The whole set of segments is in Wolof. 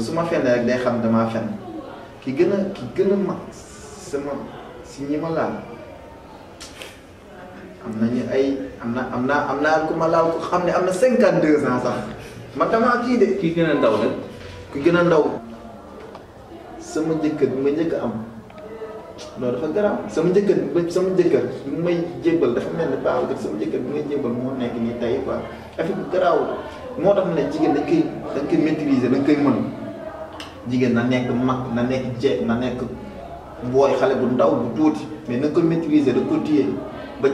su ma fenn rek day xam damaa fenn ki gën a ki gën a mag sama si ñi ma laal am nañu ay am na am na am naa ku ma laal ko xam ne am na cinquante deux ans sax ma damaa kii de. ki gën ndaw nag. ki gën a ndaw. sama jëkkër bi ma njëkk am loolu dafa garaaw sama jëkkër bi sama jëkkër bi may jébbal dafa mel ni baaw sama jëkkër bi may jébbal moo nekk nii tey quoi affaire bu garaaw moo tax ne jigéen dañ koy dañ koy maîtriser dañ koy mën. jigéen na nek mak na nek jeeg na nek boy xalé bu ndaw bu tuuti mais na ko maîtriser da ko téye ba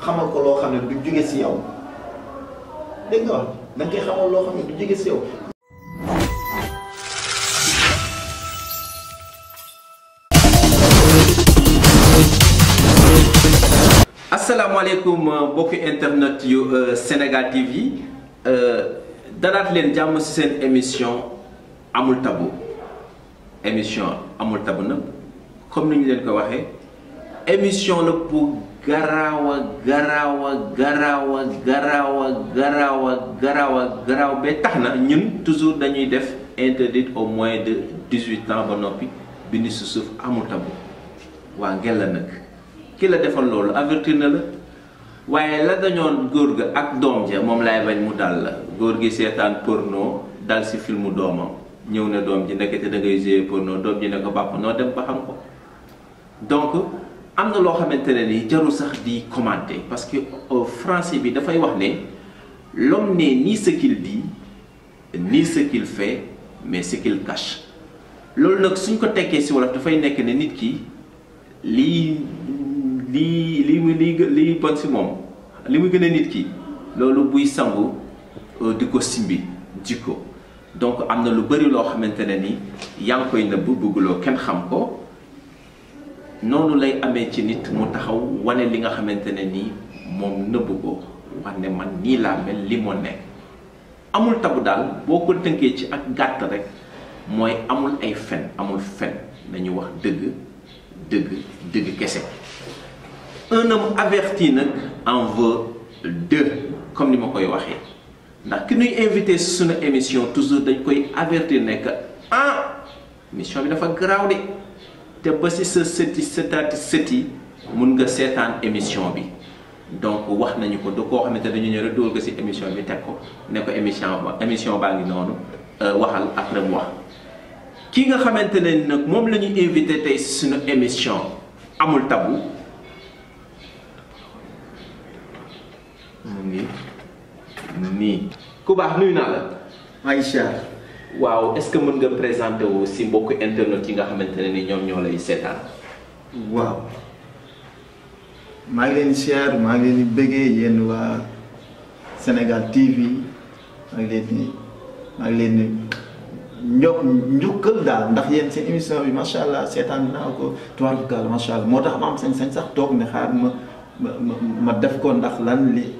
xamal ko loo xam du jóge ci yow dégg nga wax da nga xamal loo xam du jóge ci yow asalaamaaleykum euh, mbokki internet yu euh, Sénégal TV euh dalaat len jàmm ci sen émission amul tabou émission amul tabu comme nous len émission pour garawa garawa garawa garawa garawa garawa garawa be ñun toujours dañuy def interdit au moins de 18 ans ba noppi bind si suuf amul tabu la avertir na la waye la dañon ak bañ mu dal porno dal film ñëw na doom ji nekkete da ngay jouer pour noo doom ji ne ko bàpp noo dem ba xam ko donc am na loo xamante ne ni jarul sax di commenter parce que euh, français bi dafay wax ne l'homme n'est ni ce qu'il dit ni ce qu'il fait mais ce qu'il cache loolu nag suñ ko tekkee si wolof dafay nekk ne nit ki lii lii lii li lii bon si moom li mu gën a nit ki loolu buy sangu euh, di ko simbi jikko donc amna lu bëri lo xamantene ni yaa ngi koy nëbb bëgguloo kenn xam ko noonu lay amé ci nit mu taxaw wane li nga xamantene ni mom neub ko wax man ni la mel li moo nekk amul tabu dal boko ko ci ak gatt rek moy amul ay fen amul fen dañu wax deug deug deug kessé un homme averti nak en veut deux comme ni ma koy waxee ndax ki ñuy invité sunu émission toujours dañ koy avertir nekk ah émission bi dafa garaaw de te ba si sa sëti sëtaati sët yi mun nga seetaan émission bi donc wax nañu ko du koo xamante dañu ñëw rek dugal ko si émission bi teg ko ne ko émission ba émission baa ngi noonu euh, waxal après mu ki nga xamante ne nag moom lañuy ñu invité tey suñu émission amul tabu mu ngi nii. ku baax nuyu naa la. maa ngi waaw est-ce que mën nga présenter wu si mbokk internet yi nga xamante ne ni ñoom ñoo lay seetaan. waaw maa ngi leen chair maa ngi leen bëggee yéen waa Sénégal TV maa ngi leen di maa ngi leen di ño daal ndax yéen seen émission bi macha allah seetaan naa ko tubaab bi macha allah moo tax ma am sañ-sañ sax toog ne xaar ma ma ma ma def ko ndax lan li.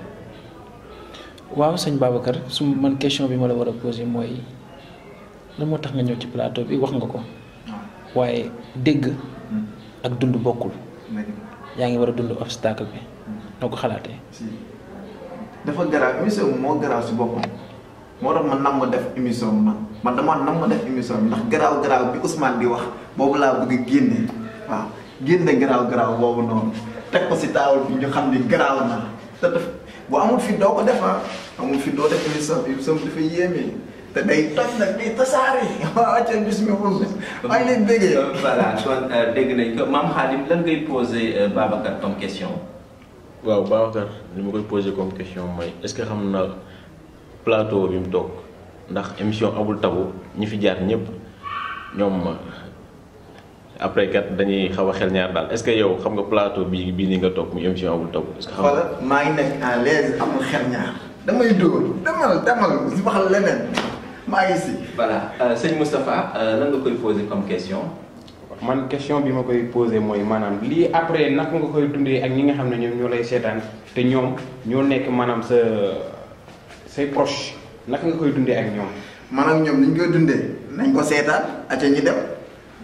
waaw sëñ Babacar su man question bi ma la war a posé mooy lan moo tax nga ñëw ci plateau bi wax nga ko waaye dégg ak dund bokkul yaa ngi war a dund obstacle bi noo ko xalaatee. dafa garaaw émission moo garaaw si boppam moo tax ma namm def émission bi man man dama namm def émission bi ndax garaaw garaaw bi Ousmane di wax boobu laa bëgg a génne waaw génne garaaw garaaw boobu noonu teg ko si taawul bi ñu xam ni garaaw na te def. Je amul fit doo def ah amul fi doo def yu yu te day nag day tasaare waaw ca leen voilà kon euh, dégg nañ ko maam Khadim lan ngay poser euh, Babacar comme question. waaw Babacar li ma koy poser comme question mooy est-ce que xam na plateau bi mu toog ndax émission tabu ñi fi jaar après kat dañuy xaw xel ñaar est-ce que yow xam nga plateau bi nga mu est-ce que ngi à xel ñaar. si leneen ngi si. voilà euh, sëñ Moustapha lan euh, nga koy poser comme question. man question bi ma koy posé mooy maanaam lii après naka nga koy dundee ak ñi nga xam ne ñoom ñoo lay seetaan ñoo nekk sa proche naka nga koy dundee ak ñoom. maanaam ñoom ni ñu koy dundee nañ ko ñi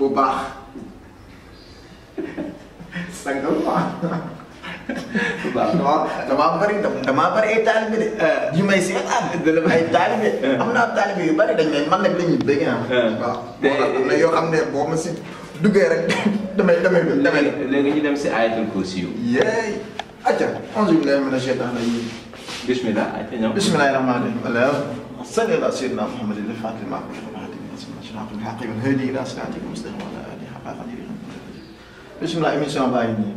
bu baax sangal quoi bu baax damaa bëri damaa bëri ay taalibe de. ji ah. may si ah. ay taalibe ah. am naa taalibe yu bëri dañ may man nag la ñuy bëgg ah. waaw am na yoo xam ne boo ma si duggee rek damay damay damay. léegi ñu dem si ayatul kursi yu. yeey acca onze billahi mina shaytan rajim bismillah bismillahi rahmani rahim ala salli ala sayyidina muhammadin al-fatih laten gaan geven. Heel die laatste laat ik hem staan, want die gaat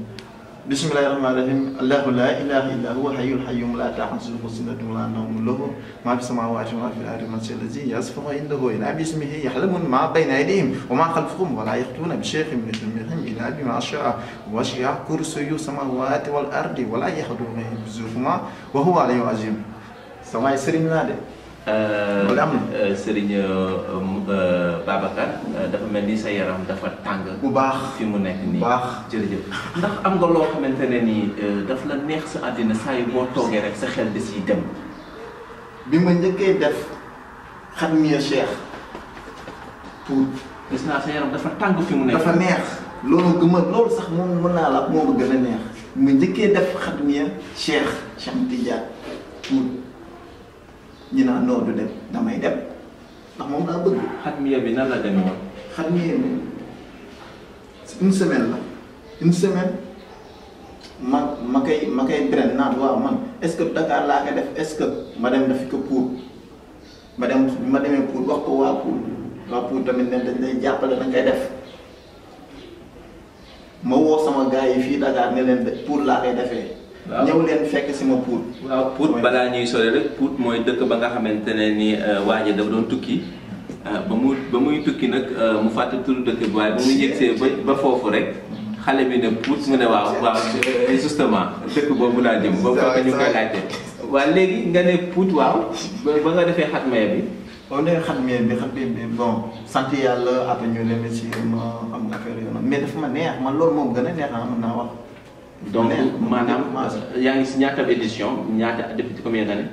بسم الله الرحمن الرحيم الله لا اله الا هو حي القيوم لا تاخذه سنه ولا نوم له ما في السماوات وما في الارض من الذي يصفه عنده الا باسمه يحلمون ما بين ايديهم وما خلفهم ولا يخطون بشيخ من ذمهم الا بما شاء وسع كرسي السماوات والارض ولا يحضره بزوفما وهو عليه عظيم سماي سرين نادي sëriñ Babacar dafa mel ni sa yaram dafa tàng bu baax fi mu nekk nii baax jërëjëf ndax am nga loo xamante daf la neex sa rek sa xel dem def xam mieux cheikh pour gis naa sa yaram dafa tàng fi mu nekk dafa neex loolu gëma loolu sax la neex def xam mieux cheikh Cheikh Tidiane pour ñu naa non du dem damay dem ndax moom daa bëgg. xatmiya bi na la demee woon. xatmiya bi une semaine la une semaine ma ma koy ma naan waaw man est-ce que Dakar laa koy def est-ce que ma dem dafi ko pour ma dem ma demee pour wax ko waa pour waa pour tamit ne jàppale da ngay def. ma woo sama gars yi fii Dakar ne leen pour laa koy defee waaw ñëw leen fekk si ma Pout. waaw Pout balaa ñuy sori rek Pout mooy dëkk ba nga xamante ne ni euh, waa ji dafa doon tukki euh, ba mu ba muy tukki nag euh, mu fàtte turu dëkk bi waaye ba muy yëgsee ba ba foofu rek. xale bi ne Pout mu ne waaw waaw justement dëkk boobu laa jëm. boobu fekk ñu koy laajte. waaw léegi nga ne Pout waaw ba nga defee xatmaya bi. on est xatmaya bi xam bi bon sant yàlla après ñu ne si ma dafa ma neex man loolu moom gën a neex ah naa wax. donc maanaam yaa ngi si ñaata édition ñaata depuis combien d'années.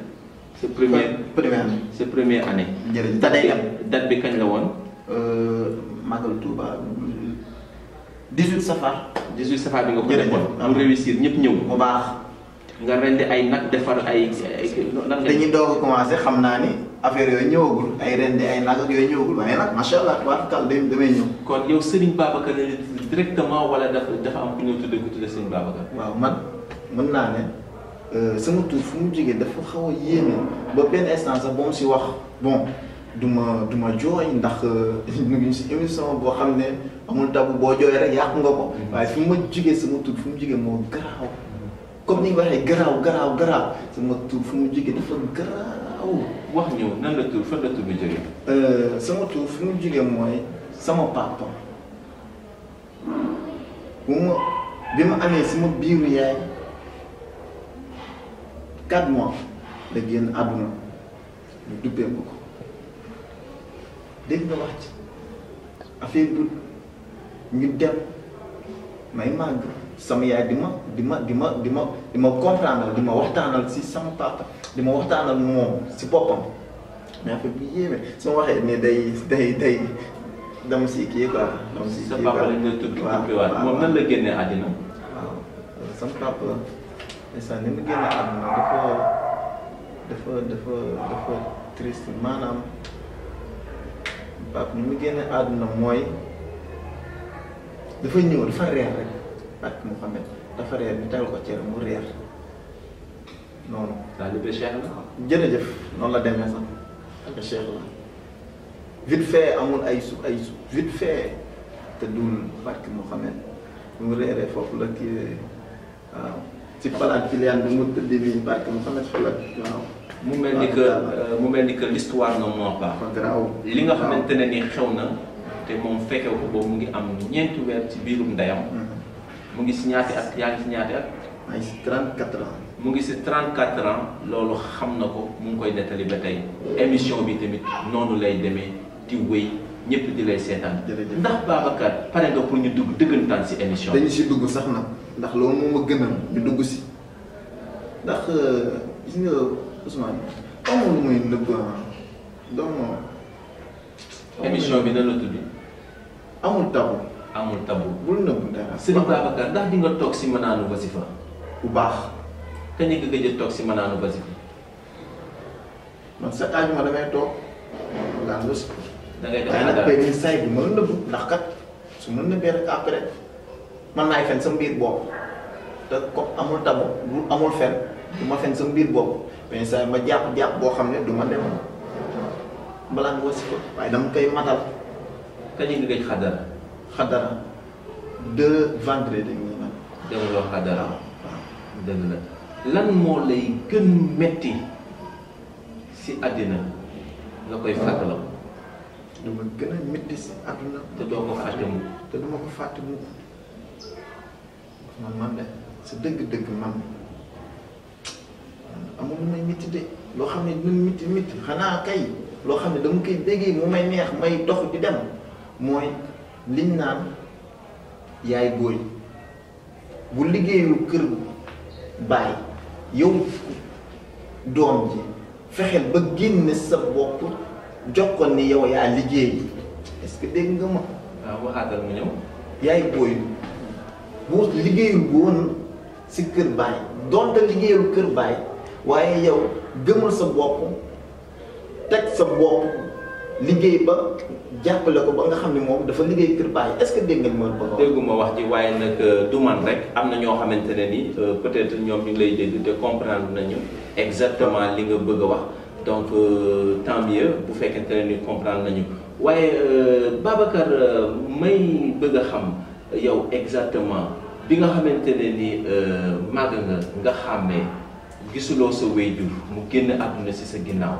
sa première première année. sa première année. jërëjëf date bi date bi kañ la woon. Euh, Magal Touba 18 safar. 18 safar bi nga ko defoon am réussir ñëpp ñëw. bu baax. nga rendi ay nag defar ay ay lan nga. dañuy doog a commencé xam naa ni affaire yooyu ñëwagul ay rendi ay nag ak yooyu ñëwagul waaye nag macha allah tubaab kàlla damay ñëw. kon yow Serigne Babacar la directement wala dafa dafa am ku ñëw tuddee ku tuddee sëñ Babacar. waaw man mën naa ne euh, sama tur fu mu jógee dafa xaw a yéeme ba benn instant sax ba si wax bon du ma du ma jooy ndax ñu euh, ngi si émission boo xam ne amul tabu boo jooy rek yàqu nga ko. waaye fi ma jógee sama tur fu mu jógee moo garaaw comme ni nga waxee garaaw garaaw garaaw sama tur fu mu jógee dafa garaaw. wax ñëw nan la tur fan la tur bi jógee. Euh, sama tur fu mu jógee mooy sama papa. bu ma bi ma amee si ma biiru yaay quatre mois la génn àdduna ñu duppee ma ko dégg nga wax ci affaire bi ñu dem may màgg sama yaay di ma di ma di ma di ma di ma comprendre di ma waxtaanal si sama papa di ma waxtaanal moom si boppam mais affaire bi yéeme su ma waxee day day day dama si kii quoi. dama si kii quoi sa papa lañ la tukki tukkiwaat moom nan la génnee àddina. waaw sama papa instant ni mu génnee àddina dafa dafa dafa dafa triste maanaam papa ni mu génnee àddina mooy dafa ñëw dafa reer rek ak Mouhamed dafa reer ñu tegal ko cere mu reer noonu. daal di ba Cheikh la. jërëjëf noonu la demee sax ak Cheikh la. vite fait amoon ay su ay su vite fait te doul barki Mouhamed bu mu reeree foofu la ki waaw ci palaat Filiane bi mu tëddee bi barki Mouhamed fa la waaw. mu mel ni que euh, mu mel ni que l'histoire ne ment pas. li nga xamantene ni xew na. te mom fekke ko bo mu ngi am ñeenti weer ci birum ndayam mm-hmm. mu ngi si ñaati at yaa ngi si ñaati at. maa 34 ans. mu ngi si 34 ans. loolu xam na ko mu ngi koy nettali ba tey émission bi tamit noonu lay demee. di wéy ñëpp di lay seetaan ndax Babacar pare nga pour ñu dugg dëggantaan si émission dañu si dugg sax nag ndax loolu eh, moom a gënal ñu dugg si ndax gis nga Ousmane amul lu muy nëbb donc émission bi nan la tudd amul tabu amul tabu bul nëbb dara sëriñ Babacar ndax di nga toog si mënaanu wasifa bu baax kañ nga gëj a toog si wasifa man sa ma damay da ngay def waaye nakat pénitentiaire bi mën na bëgg ndax kat su mën na bee rek après mën ma fen sama biir bopp pénitentiaire ma jàpp jàpp boo xam ne du ma demoon balaa nga wasi ko waaye dama koy matal. kañ nga lan lay gën metti si àddina nga koy lu ma gën a métti si àdduna. te doo ko fàtte mu te du ma ko fàtte mu man man de sa dëgg-dëgg man amul lu may métti de loo xam ne dinañ métti métti xanaa kay loo xam ne dama koy déggee mu may neex may dox di dem mooy liñ naan yaay góor bu liggéeyu kër baay yow doom ji fexeel ba génn sa bopp. jox ko ni yow yaa liggéey est-ce que dégg nga ma. waaw ah, waxaatal mu ñëw. yaay booy boo liggéeyul woon si kër baay donte liggéeyul kër baay waaye yow gëmal sa bopp teg sa bopp liggéey ba jàppale ko ba nga xam ne moom dafa liggéey kër baay est-ce que dégg nga ma ba dégguma wax ji waaye nag euh, du man rek am na ñoo xamante ne ni euh, peut-être ñoom ñu ngi lay dégg te comprendre nañu exactement li nga bëgg a wax. donc euh, tant mieux bu fekkente ne ni comprendre nañu waaye euh, Babacar euh, may bëgg a xam yow exactement bi nga xamante ne ni màgg nga nga xàmmee gisuloo sa wéyjur mu génn àdduna si sa ginnaaw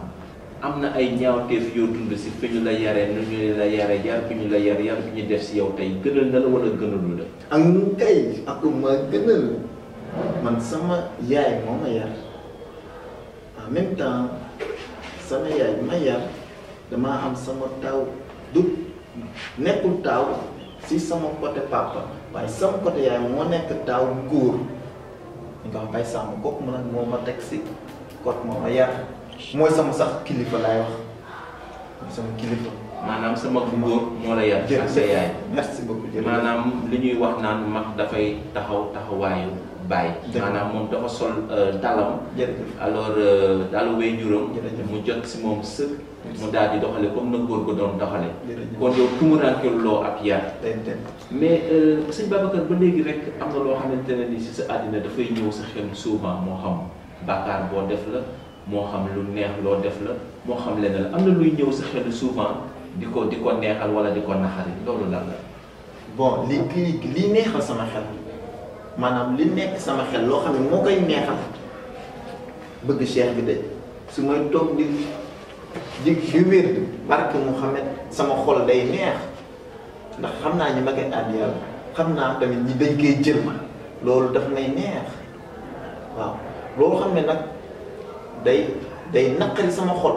Amna na ay ñaawteef yoo dund si fi la yaree nu ñu la yaree yar bi la yar yar bi def si yow tay. gënal na la wala gënalu la. ak nu kay ak gënal man sama yaay moo yar en même temps. samaya mayam damaa am sama taw du nekkul taw si sama côté papa waaye sama côté yaay moo nekk taw góor ñu ko wax bay sàmm kooku mu nag moo ma teg si kooku moo ma yar mooy sama sax kilifa laay wax mooy sama kilifa. maanaam sa mag bu góor moo la yar. jërëjëf ak sa yaay. merci beaucoup jërëjëf maanaam li ñuy wax naan mag dafay taxaw taxawaayu. bàyyi. maanaam moom dafa sol euh, dalam. alors euh, dalu wéy juróom. mu jot si moom sëkk. mu daal di doxale comme na góor ko doon doxale kon yow tumuraankel loo ak yar mais euh, sëñ Babacar ba léegi rek am na loo xamante ne ni si sa àddina dafay ñëw sa xel souvent moo xam bàkkaar boo def la moo xam lu neex loo def la moo xam leneen la am na luy ñëw sa xel souvent di ko di ko neexal wala di ko naxari loolu lan la bon li kii li neexal sama xel maanaam li nekk sama xel loo xam ne moo koy neexal bëgg cheikh bi de su may toog di di di wér barke Muhammad sama xol day neex ndax xam naa ñi ma koy àddi xam naa tamit ñi dañ koy jël ma loolu daf may neex waaw loolu xam ne nag day day naqari sama xol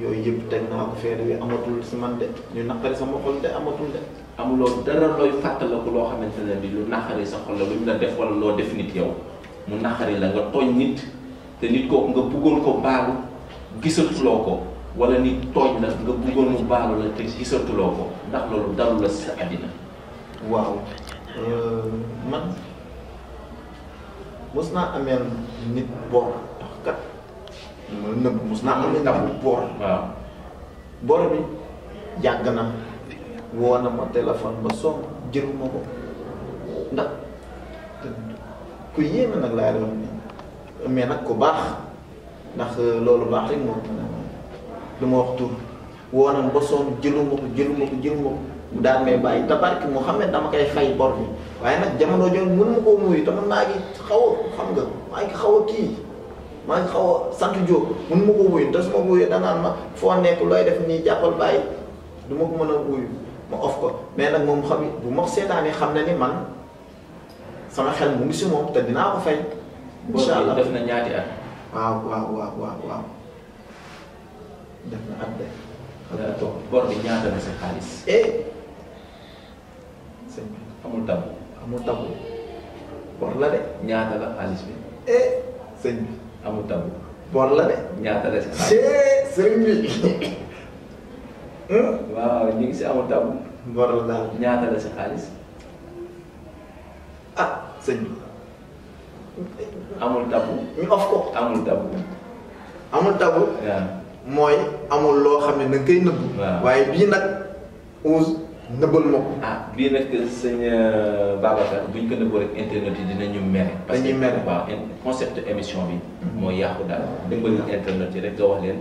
yooyu yëpp teg naa ko feere bi amatul si man de ñu naqari sama xol de amatul de amuloo dara looy fàttaliku loo xamante ne bi lu naqari sa xol la lu ñu la def wala loo def nit yow mu naqari la nga tooñ nit te nit kooku nga bëggoon ko baalu gisatuloo ko wala nit tooñ la nga bëggoon mu baalu la te gisatuloo ko ndax loolu dalu la si àddina waaw euh, man mos naa ameel nit boor tax kat ma nëbb mos naa ameel nit boor waaw boor bi yàgg na woo na ma téléphone ba sonn jëruma ko ndax ku yéeme nag laay doon nii mais nag ko baax ndax euh, loolu baax rek moom du ma wax tur woo na ba sonn jëluma ko jëluma ko jëluma ko mu daan may bàyyi te barke dama koy fay bor bi waaye nag jamono jooju mën ma koo muyu te man maa ngi xaw a xam nga maa ngi xaw a kii maa ngi xaw a sant Diop mën ma koo muyu te su ma muyoo danaan ma foo nekk looy def nii jàppal bàyyi du ko mën a muyu ma of ko mais nag moom xam bu ma seetaanee xam na ni man sama xel mu ngi si moom te dinaa ko fay. incha def na ñaati at. waaw waaw def na at de. xam nga bor bi ñaata na sa xaalis. Eh! amul tabu. amul tabu bor la de. ñaata la xaalis bi. Eh! sëñ bi. amul tabu. bor la de. ñaata la sa xaalis. Eh! sëñ bi. waaw ñu ngi si amul tabu. borom daal ñaata la si xaalis. ah sëñ bi. amul tabu. ñu of ko amul tabu. amul tabu. waaw mooy amul loo xam ne da nga koy waaw waaye bii nag ouz nëbbal ma ah bii nag sëñ euh, Babacar bu ñu ko nëbboo rek internet yi dinañu mere. parce que concept émission bi. Mm-hmm. mooy yàqu daal mm-hmm. dëgg internet rek nga wax leen.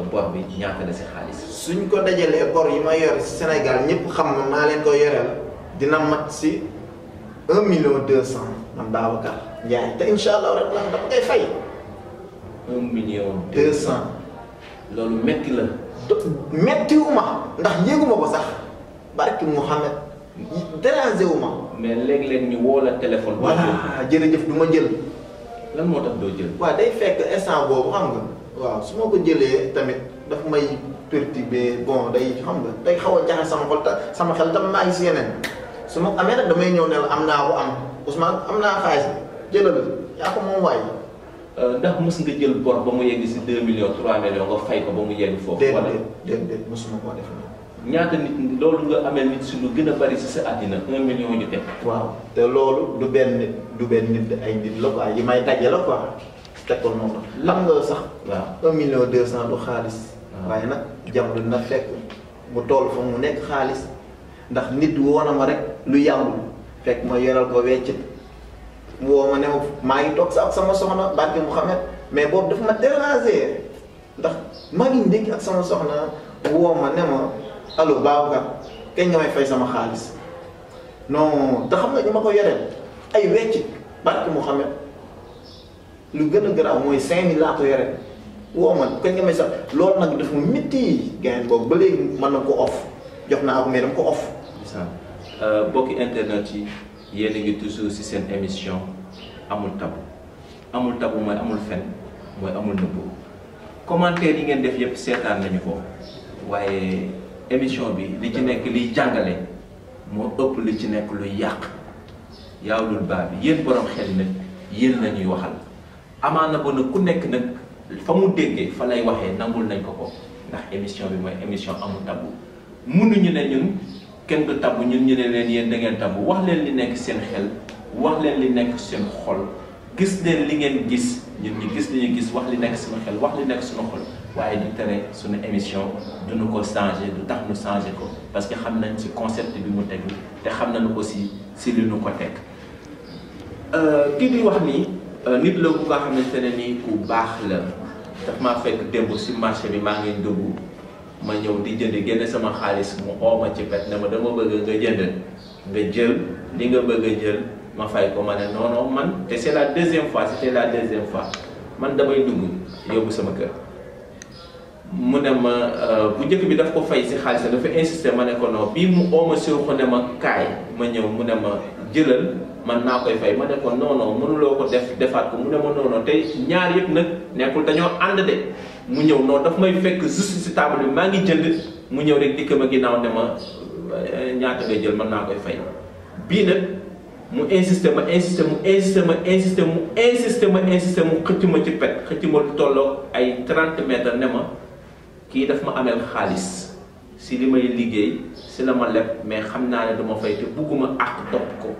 bor euh, bi ñaata la si xaalis. suñ ko dajalee bor yi ma yore si Sénégal ñëpp xam na maa leen ko yoreel dina mat si un million deux cent man Babacar Ndiaye te incha allah rek lan dama koy fay. un million deux cent. loolu métti la. méttiwuma ndax yëguma ko sax barki Mouhamed dérangé wu mais léeg-léeg ñu woo la téléphone. voilà jërëjëf du ma jël. lan moo tax doo jël. waaw day fekk instant boobu xam nga. waaw su ma ko jëlee tamit daf may bee bon day xam nga day xaw a jaxal sama xol ta sama xel tam maa ngi si yeneen su ma amee nag damay ñëw ne la am naa ko am Ousmane am naa xaalis jëlal yaa ko moom waay. Euh, ndax mës nga jël bor ba mu yegg si 2 millions 3 millions nga fay ko ba mu yegg foofu. wala déedéet déedéet mësuma koo def noonu. ñaata nit loolu nga amee nit si lu gën a bari si sa àddina un million ñu teg. waaw te loolu du benn du benn nit ay nit la quoi yi daje la quoi. teg ko noonu la. xam nga sax. waaw un million deux cent du xaalis. waaye nag jamono na fekk mu toll fa mu nekk xaalis ndax nit woo na ma rek lu yàmbul fekk ma yoral ko weccit woo ma ne ma maa ngi toog sa ak sama soxna barke Mouhamed mais boobu daf ma déranger ndax maa ngi ndékki ak sama woo ma ne ma allo Babacar kañ nga may fay sama xaalis non te xam nga ñu ma ko yoreel ay weccit barke Mouhamed. lu gën a garaaw mooy 5000 laa ko yore woo man kañ nga may sax loolu nag dafa métti gain boobu ba léegi mën na ko off jox naa ko mais dama ko off. Euh, bokki internet yi yéen a ngi toujours si seen émission amul tabu amul tabu mooy amul fen mooy amul nëbbu commentaire yi ngeen def yëpp seetaan nañu ko waaye émission bi li ci nekk liy jàngale moo ëpp li ci nekk luy yàq yaawlul baa bi yéen borom xel nag yéen la waxal. amana ba ku nek nak famu mu fa lay waxé nangul nañ ko ko ndax émission bi moy émission tabou tabu ñu né ñun kenn du tabu ñun ñu né leen yéen da ngeen tabou wax leen li nek seen xel wax leen li nek seen xol gis leen li ngeen gis ñun ñi gis li ñu gis wax li nek suñu xel wax li nek suñu xol waaye di tere suñu émission ñu ko changer du tax ñu changer ko parce que xam nañ ci concept bi mu tegu te xam nañu aussi si li ñu ko teg euh, kii di wax nii Euh, nit la bu nga xamante ne nii ku baax la daf maa fekk démb si marché bi maa ngi dugg ma ñëw di jënd génne sama xaalis mu ooma ci pet ne ma dama bëgg nga jënd nga jël li nga bëgg a jël ma fay ko ma ne man te c'est la deuxième fois c'était la deuxième fois man damay dugg yóbbu sama kër mu ne ma euh, bu njëkk bi daf ko fay si xaalis dafa insister ma ne ko non bii mu ooma surxu ma kaay ma ñëw mu ne ma jëlal man naa koy fay ma ne ko non mënuloo ko def defaat ko mu ne ma non non tey ñaar yëpp nag nekkul dañoo ànd de mu ñëw non dafa may fekk juste si table bi maa ngi jënd mu ñëw rek dikk ma ginnaaw ne ma eh, ñaata ngay jël man naa koy fay bii nag mu insisté ma insisté mu insisté ma insisté mu insisté ma insisté mu xëcc ma ci pet xëcc ma lu tolloo ay 30 mètres ne ma kii daf ma ameel xaalis si li may liggéey si la ma leb mais xam naa ne du ma fay te bugguma àq ko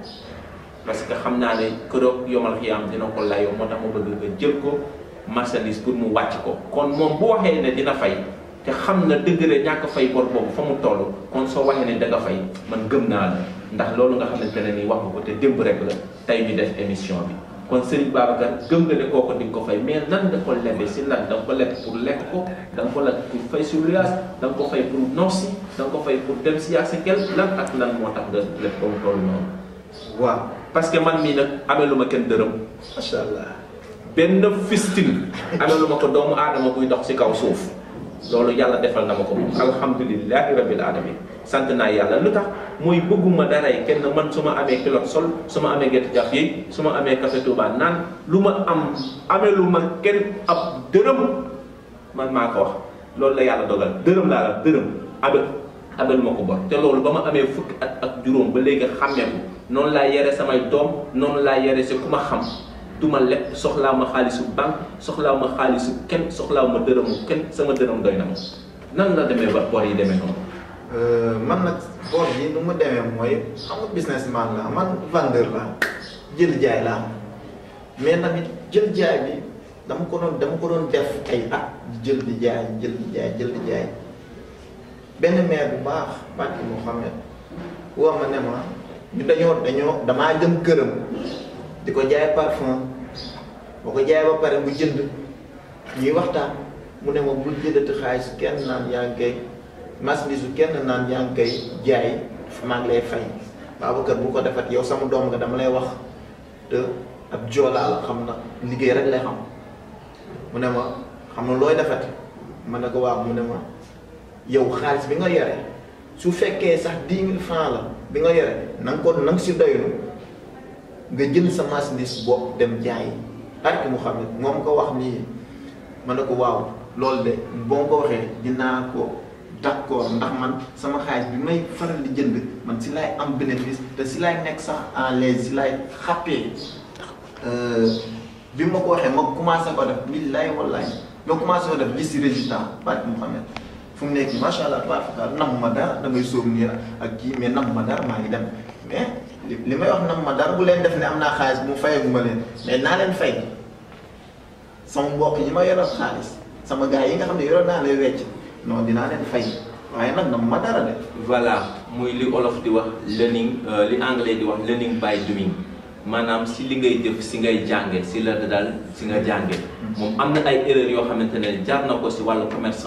parce que xam naa ne këroog yomal xiyaam dina ko layoo moo tax ma bëgg nga jël ko marchandise pour mu wàcc ko kon moom bu waxee ne dina fay te xam na dëgg la ñàkk fay bor boobu fa mu toll kon soo waxee ne danga fay man gëm naa la ndax loolu nga xamante ne nii wax nga ko te démb rek la tey ñu def émission bi kon Serigne Babacar gëm nga ne kooku di nga ko fay mais nan nga ko lebe si lan da pour lekk ko da nga ko leb fay si luyaas da nga ko fay pour noos da nga ko fay pour dem si yaag sa gel lan ak lan moo tax nga mu toll noonu parce que man mii nag ameluma kenn dërëm macha allah benn fistine ameluma ko doomu aadama buy dox ci kaw suuf loolu yàlla defal na ma ko alhamdulilahi rabil alamin sant naa yàlla lu tax mooy bëgguma daray kenn man su ma amee kilot sol su ma amee gerte jaf yi amee café Touba naan lu ma am ameluma kenn ab dërëm man maa ko wax loolu la yàlla dogal dërëm laa la dërëm abel abel ma ko bor te loolu ba ma amee fukki at ak juróom ba léegi xàmmeeku noonu laa yore samay doom noonu laa yere si ku ma xam du ma leb soxlaa ma xaalisu banque soxlaa ma xaalisu kenn soxlaa ma dërëmu kenn sama dërëm doy na ma nan la demee ba boor yi demee noonu. Euh, man nag boor bi nu mu demee mooy xam nga businessman la man vendeur la jël jaay laa mais tamit jël jaay bi dama ko doon dama ko doon def ay at jël di jaay jël di jaay benn maire bu baax bàcc moo xam ne woo ma ne ma. ñu dañoo dañoo damaa dem këram di ko jaay parfum boo ko jaay ba pare bu jënd ñuy waxtaan mu ne ma bul jëndati xaalis kenn naan yaa ngi koy marchandise bu kenn naan yaa ngi koy jaay maa ngi lay fay Babacar bu ko defat yow sama doom nga dama lay wax te ab joolaa xam na liggéey rek lay xam mu ne ma xam na looy defati ma ne ko waaw mu ne ma yow xaalis bi nga yore su fekkee sax dix mille la bi nga yore na nga ko na nga si doylu nga jël sa marchandise bopp dem jaay barke Muhammad moom ko wax nii ma ne ko waaw loolu de boo ko waxee dinaa ko d'accord ndax man sama xaalis bi may faral di jënd man si laay am bénéfice te si laay nekk sax en si laay xàppee euh, bi ma ko waxee ma commencé ko def billaay wallaay ma commencé ko def gis si résultat barke Muhammad fu mu nekk macha allah tabaaraka nam ma dara damay sóobu nii ak kii mais nam ma dara maa ngi dem mais li may wax nam ma dara bu leen def ne am naa xaalis bu mu fayee bu ma leen mais naa leen fay sama mbokk yi ma yoroon xaalis sama gaa yi nga xam ne yoroon naa lay wecc non dinaa leen fay waaye nag na mu ma dara de. voilà muy li olof di wax learning euh, li anglais di wax learning by doing maanaam si li ngay jëf si ngay jànge si la daal si nga jànge mm-hmm. moom am na ay erreurs yoo xamante ne jar na ko si wàllu commerce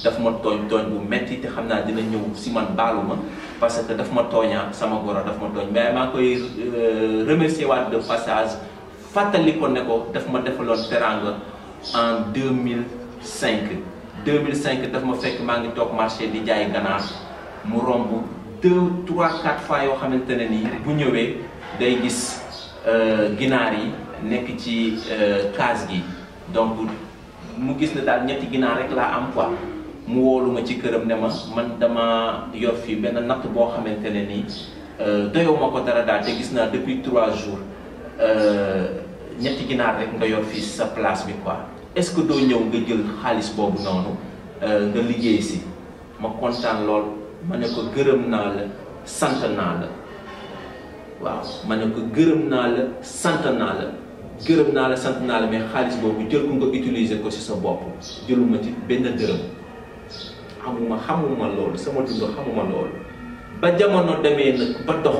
daf ma tooñ tooñ bu metti te xam naa dina ñëw si man baalu ma parce que daf ma tooñaa sama goro daf ma tooñ mais maa koy euh, remercier waat de passage fàttali ko ne ko daf ma defaloon teranga en mille cinq 2005 cinq daf ma fekk maa ngi toog marché di jaay ganaar mu romb deux trois quatre fois yoo xamante ne nii bu ñëwee day gis euh, ginaar yi nekk ci kaas euh, gi donc mu gis ne daal ñetti ginaar rek laa am quoi mu woolu ma ci këram ne ma man dama yor fii benn natt boo xamante ne nii euh, doyoo ma ko dara daal te gis naa depuis trois jours euh, ñetti ginaar rek nga yor fii sa place bi quoi est-ce que doo ñëw nga jël xaalis boobu noonu euh, nga liggéey si ma kontaan lool ma ne ko gërëm naa la sant naa la waaw ma ne ko gërëm naa la sant naa la gërëm naa la sant naa la mais xaalis boobu jël ko nga utiliser ko si sa bopp jëluma ci benn dërëm amuma xamuma loolu sama dund xamuma loolu ba jamono demee nag ba dox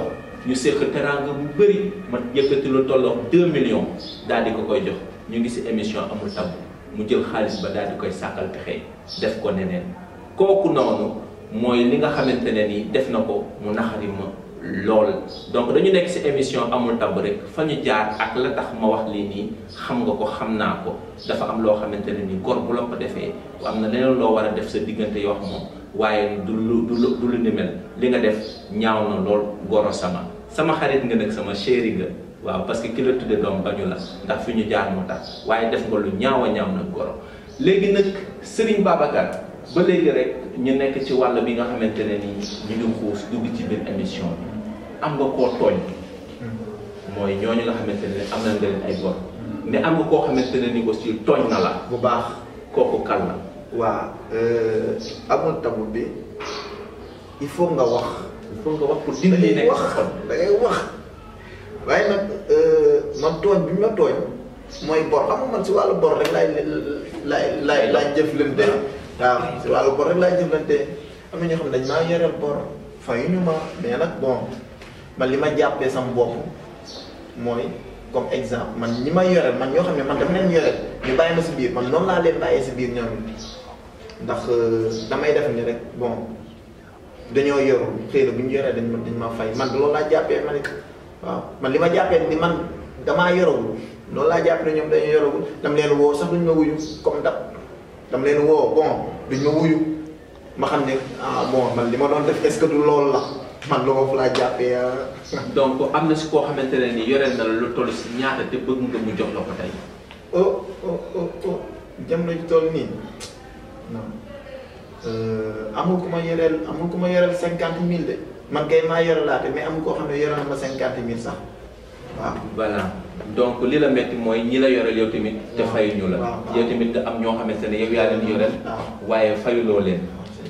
ñu séq teraanga bu bëri ma yëkkati lu tolloog 2 millions daal di ko koy jox ñu ngi si émission amul tabu mu jël xaalis ba daal di koy sàkkal pexe def ko neneen kooku noonu mooy li nga xamante ne nii def na ko mu naxari ma lool donc dañu nekk si émission amul tabu rek fa ñu jaar ak la tax ma wax lii nii xam nga ko xam naa ko dafa am loo xamante ne ni góor bu la ko defee am na leneen loo war a def sa diggante yoo wax moom waaye du lu du lu du lu ni mel li nga def ñaaw na lool goro sama sama xarit nga nag sama chéri nga waaw parce que ki la tudde doom bañu la ndax fi ñu jaar moo tax waaye def nga lu ñaaw a ñaaw nag goro léegi nag Serigne Babacar ba léegi rek ñu nekk ci wàll bi nga xamante ne ni ñu ngi xuus dugg ci biir émission bi. am nga koo tooñ mm. mooy ñooñu nga xamante ne am na leen ay bor mais am nga koo xamante ne ni aussi tooñ na la bu baax kooku kal na waaw euh, amul tabu bi il faut nga wax il faut nga wax pour dina li nekk wax xol da wax waaye nag euh, man tooñ bi ma tooñ mooy bor xam man si wàllu bor rek laay laay laay laay jëflante waaw si wàllu bor rek laay jëflante am na ñoo xam ne dañ maa yoreel bor fayuñu ma mais nag bon man li ma jàppee sama bopp mooy comme exemple man ñi ma yore man ñoo xam ne man daf leen yore ñu bàyyi ma si biir man noonu laa leen bàyyee si biir ñoom ndax euh, damay def ni rek bon dañoo yoru xëy na bu ñu yoree dañ ma dañ ma fay man loolu laa jàppee ma ne man li ma jàppee ni man damaa yorewul loolu laa jàpp ñoom dañoo yorewul dama leen woo sax duñ ma wuyu comme dab dama leen woo bon duñ ma wuyu ma xam ne ah bon man li ma doon def est-ce que du loolu la. man luma fu la jappé ya. donc amna ci ko xamantene ni yorel na lu toll ci ñaata te bëgg nga mu jox la ko tay oh oh oh oh na ci toll ni non euh amukuma yorel amukuma yorel 50000 de man kay ma yorel la mais am ko xamné yorel ma 50000 sax voilà donc li la metti moy ñi la yorel yow tamit te ñu la yow am ño xamantene yow ya leen waye fayu lo leen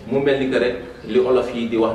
mu melni que rek li yi di wax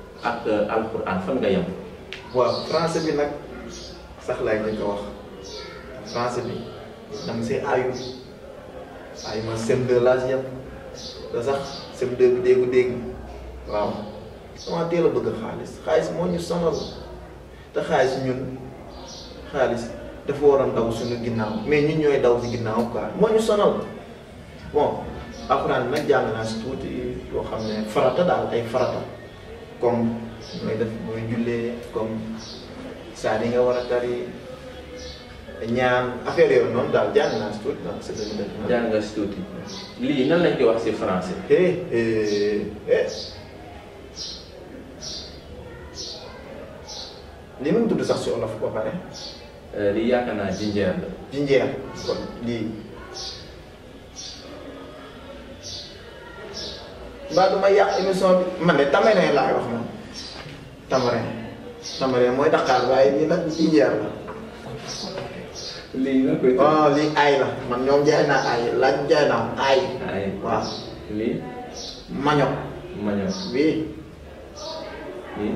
ak euh, alquran fan nga yem. waaw français bi nag sax laay njëkk ko wax français bi dama see ayu ayu ma cm yem da sax CM2 bi déggu dégg waaw sama teel a bëgg xaalis xaalis moo ñu sonal te xaalis ñun xaalis dafa waroon daw suñu ginnaaw mais ñun ñooy daw si ginnaaw quoi moo ñu sonal bon alquran nag jàng naa si tuuti yoo xam ne farata daal ay farata. comme mooy def mooy jullee comme saa yi nga war a tari ñaan affaire yooyu noonu daal jàng naa si tuuti ah c'est vrai. jàng nga si tuuti lii nan lañ koy wax si français. eh eh eh. lii moom tudd sax si olof ba pare. Eh, lii yaakaar naa jinjeer la. jinjeer lii. mbaa du ma yàq émission man de tamarin laay wax man tamarin tamarin mooy daqaar waaye lii nag lii njeer la. lii nag. waaw oh, lii aay la man ñoom jaay naa aay laaj jaay naa aay. aay waaw. lii. maño. maño bii. lii.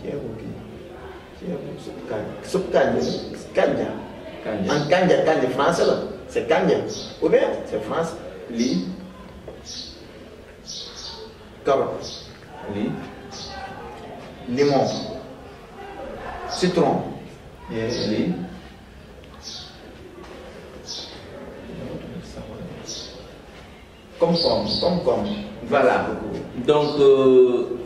ceebu kii ceebu suuf kanja suuf kanja kanja. kanja en kanja kanja français la c'est kanja ou bien c'est français. Lit, carotte li, limon citron comme comme comme, voilà donc euh,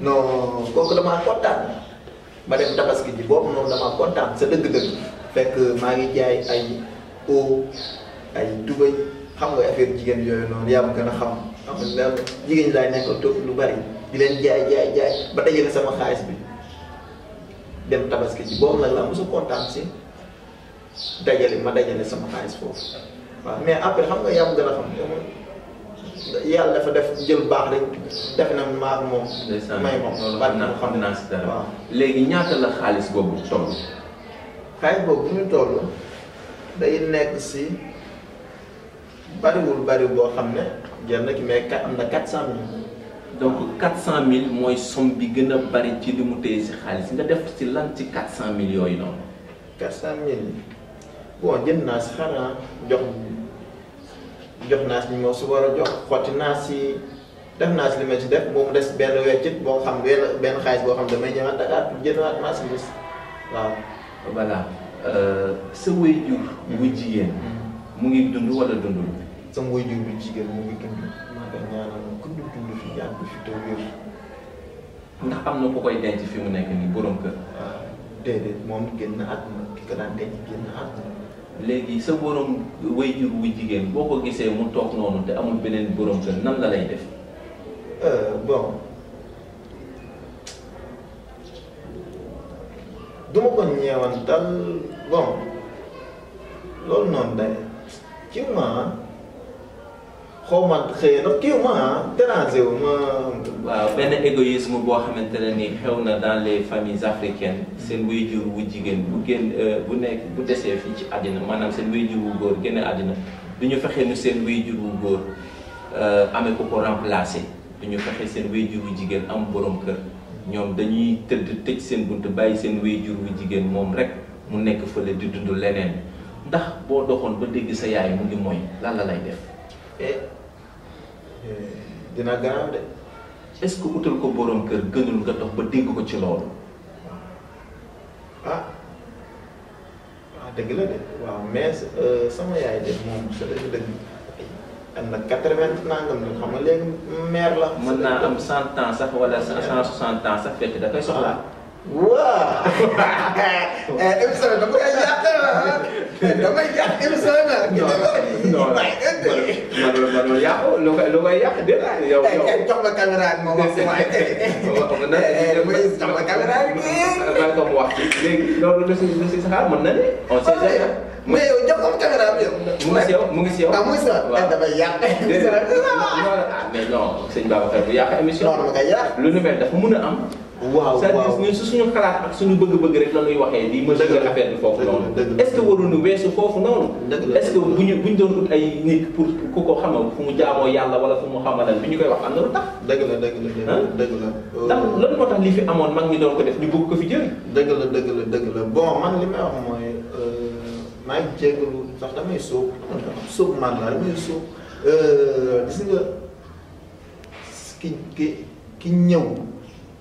non kooku damaa kontaan ma dem tabaski ji boobu noonu damaa kontaan sa dëgg-dëgg fekk maa ngi jaay ay eau ay tubéy xam nga affaire jigéen yooyu noonu yaa gën a xam xam jigéen ñi daay nekk toog lu bari di leen jaay jaay jaay ba dajale sama xaalis bi dem tabaski ji boobu nag la mosu kontaan si dajale ma dajale sama xaalis foofu waaw mais après xam nga yaa gën a xam yàlla dafa def jël baax rek def na maag moom. may moom bari na xam naa si dara léegi ñaata la xaalis boobu toll. xaalis boobu bu ñu toll day nekk si bariwul bari boo xam ne jël na ki mais am na 400000. donc cent mille mooy somme bi gën a bari ci li mu téye si xaalis nga def si lan ci 400000 yooyu noonu. 400000 bon jënd naa si xanaa jox. jox naa eh, hmm. si moo su war a jox xotti naa si def naa si li ma ci def moom des benn ham boo xam benn benn xaalis boo xam damay ñëwaat Dakar pour jëndaat naa si bis waaw. voilà sa waajur bu jigéen mu ngi dund wala dundul. sama waajur bu jigéen mu ngi dund maa ngi ñaanal ku dund dund fi fi te wér. ndax am na ku koy denc fi mu nekk nii borom kër. waaw ah, déedéet moom génn at ma ki ko daan denc génn at ma. léegi sa borom wayjur wu jigéen boo ko gisee mu toog noonu te amul beneen borom kër nan la lay def. Euh, bon du ma ko ñeewantal bon loolu noonu day ci ma. xaw ma xëy na kii ma ah dérangé wu ma. waaw benn égoïsme boo xamante ne nii xew na dans les familles africaines seen waajur wu jigéen bu génn euh, bu nekk bu desee fii ci àddina maanaam seen waajur wu góor génne àddina du ñu fexe nu seen waajur wu góor euh, amee ko ko remplacer du ñu fexe seen waajur wu jigéen am borom kër ñoom dañuy tëdd tëj seen bunt bàyyi seen waajur wu jigéen moom rek mu nekk fële di dund leneen ndax boo doxoon ba dégg sa yaay mu ngi mooy lan la lay def. Eh, Eh, dina garaaw de est-ce que utal ko boroom kër gënul nga dox ba dégg ko ci loolu ah waaw ah, dëgg la de waaw mais euh, sama yaay de moom sa dëgg dëgg am na quatre-vingts nangam la xam nga léegi meer la mën naa am cent ans sax wala cent soixante ans sax fekk da koy soxlaa ủa em Sơn đóng mới giáp đó mà. Đóng mới dắt em Sơn à. Cái đó là gì vậy đó thì. Mà rồi mà rồi giáp lúc ấy lúc ấy giáp thì biết lại rồi. Tại em chọc là camera mà mà ngoài thì. Mình nói em trong là camera đi. Mà còn một thì nó nó sẽ nó sẽ sangat menarik. Oh saya saya. Mungkin ujung kamu cakap apa? Mungkin siapa? Mungkin siapa? Kamu surat. Kita bayar. Dia surat. Nah, no. Sejak bawa kerja, kami surat. Lalu mereka dah kamu nak am. waaw waaw ñun su suñu xalaat ak suñu bëgg-bëgg rek la ñuy di mesure affaire bi foofu noonu est-ce que waruñu weesu foofu noonu est-ce que bu ñu bu ñu doon ut ay nit pour ku ko xamal fu mu jaamoo yàlla wala fu mu xamalal bi ñu koy wax am na lu tax dëgg la dëgg la dëgg oh. la ndax lan moo tax li fi amoon mag ko def ñu bëgg ko fi jël la dëgg la dëgg la bon man li may wax mooy euh, maa ngi jégalu sax damay sóob sóob man laa damay sóob euh, gis nga ki ki ki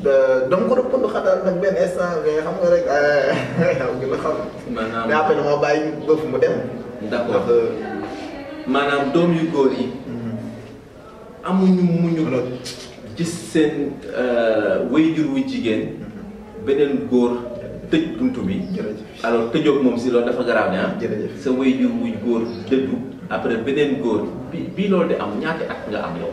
dama ko doon pënd xatal nag benn instant mais xam nga rek eh, xaw nga la bàyyi bëf mu dem. d'accord euh, maanaam doom yu góor yi. Mhm. amuñu muñu ci seen euh, wéyjur wu jigéen mhm. beneen góor tëj bunt bi. alors tëjoog moom si lool dafa garaaw ne ah. sa wéyjur wu góor dëddu après beneen góor bi bii loolu di am ñaati at nga am yow.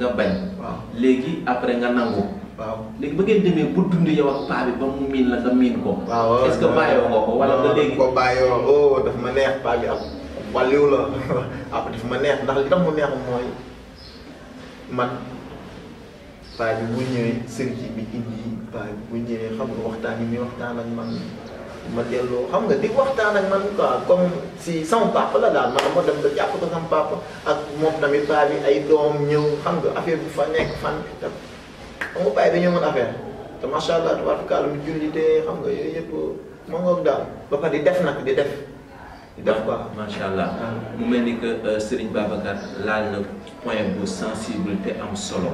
nga bañ. léegi après nga nangu. waaw léegi ba ngeen demee bu dund yow ak paa ba mu miin la nga miin ko. waaw est-ce que bàyyoo ko léegi. ko bàyyoo oh daf ma neex paa ak wàlliw la après daf ma neex ndax li tax mu neex mooy man paa bi bu ñëwee sëriñ bi indi paa bi bu ñëwee xam nga waxtaan yi muy waxtaan ak man. ma delloo xam nga di waxtaan ak man quoi comme si sama papa la daal man ma dem ba jàpp ko sama papa ak moom tamit paa bi ay doom ñëw xam nga affaire bu fa nekk fan tam xam nga bàyyi dañoo mën affaire te macha allah tubaarkalla mu jullite xam nga yooyu yëpp ma ngoog daal ba pare di def nag di def. di def quoi macha allah. mu mel ni que ba Babacar laal na point bu sensible te am solo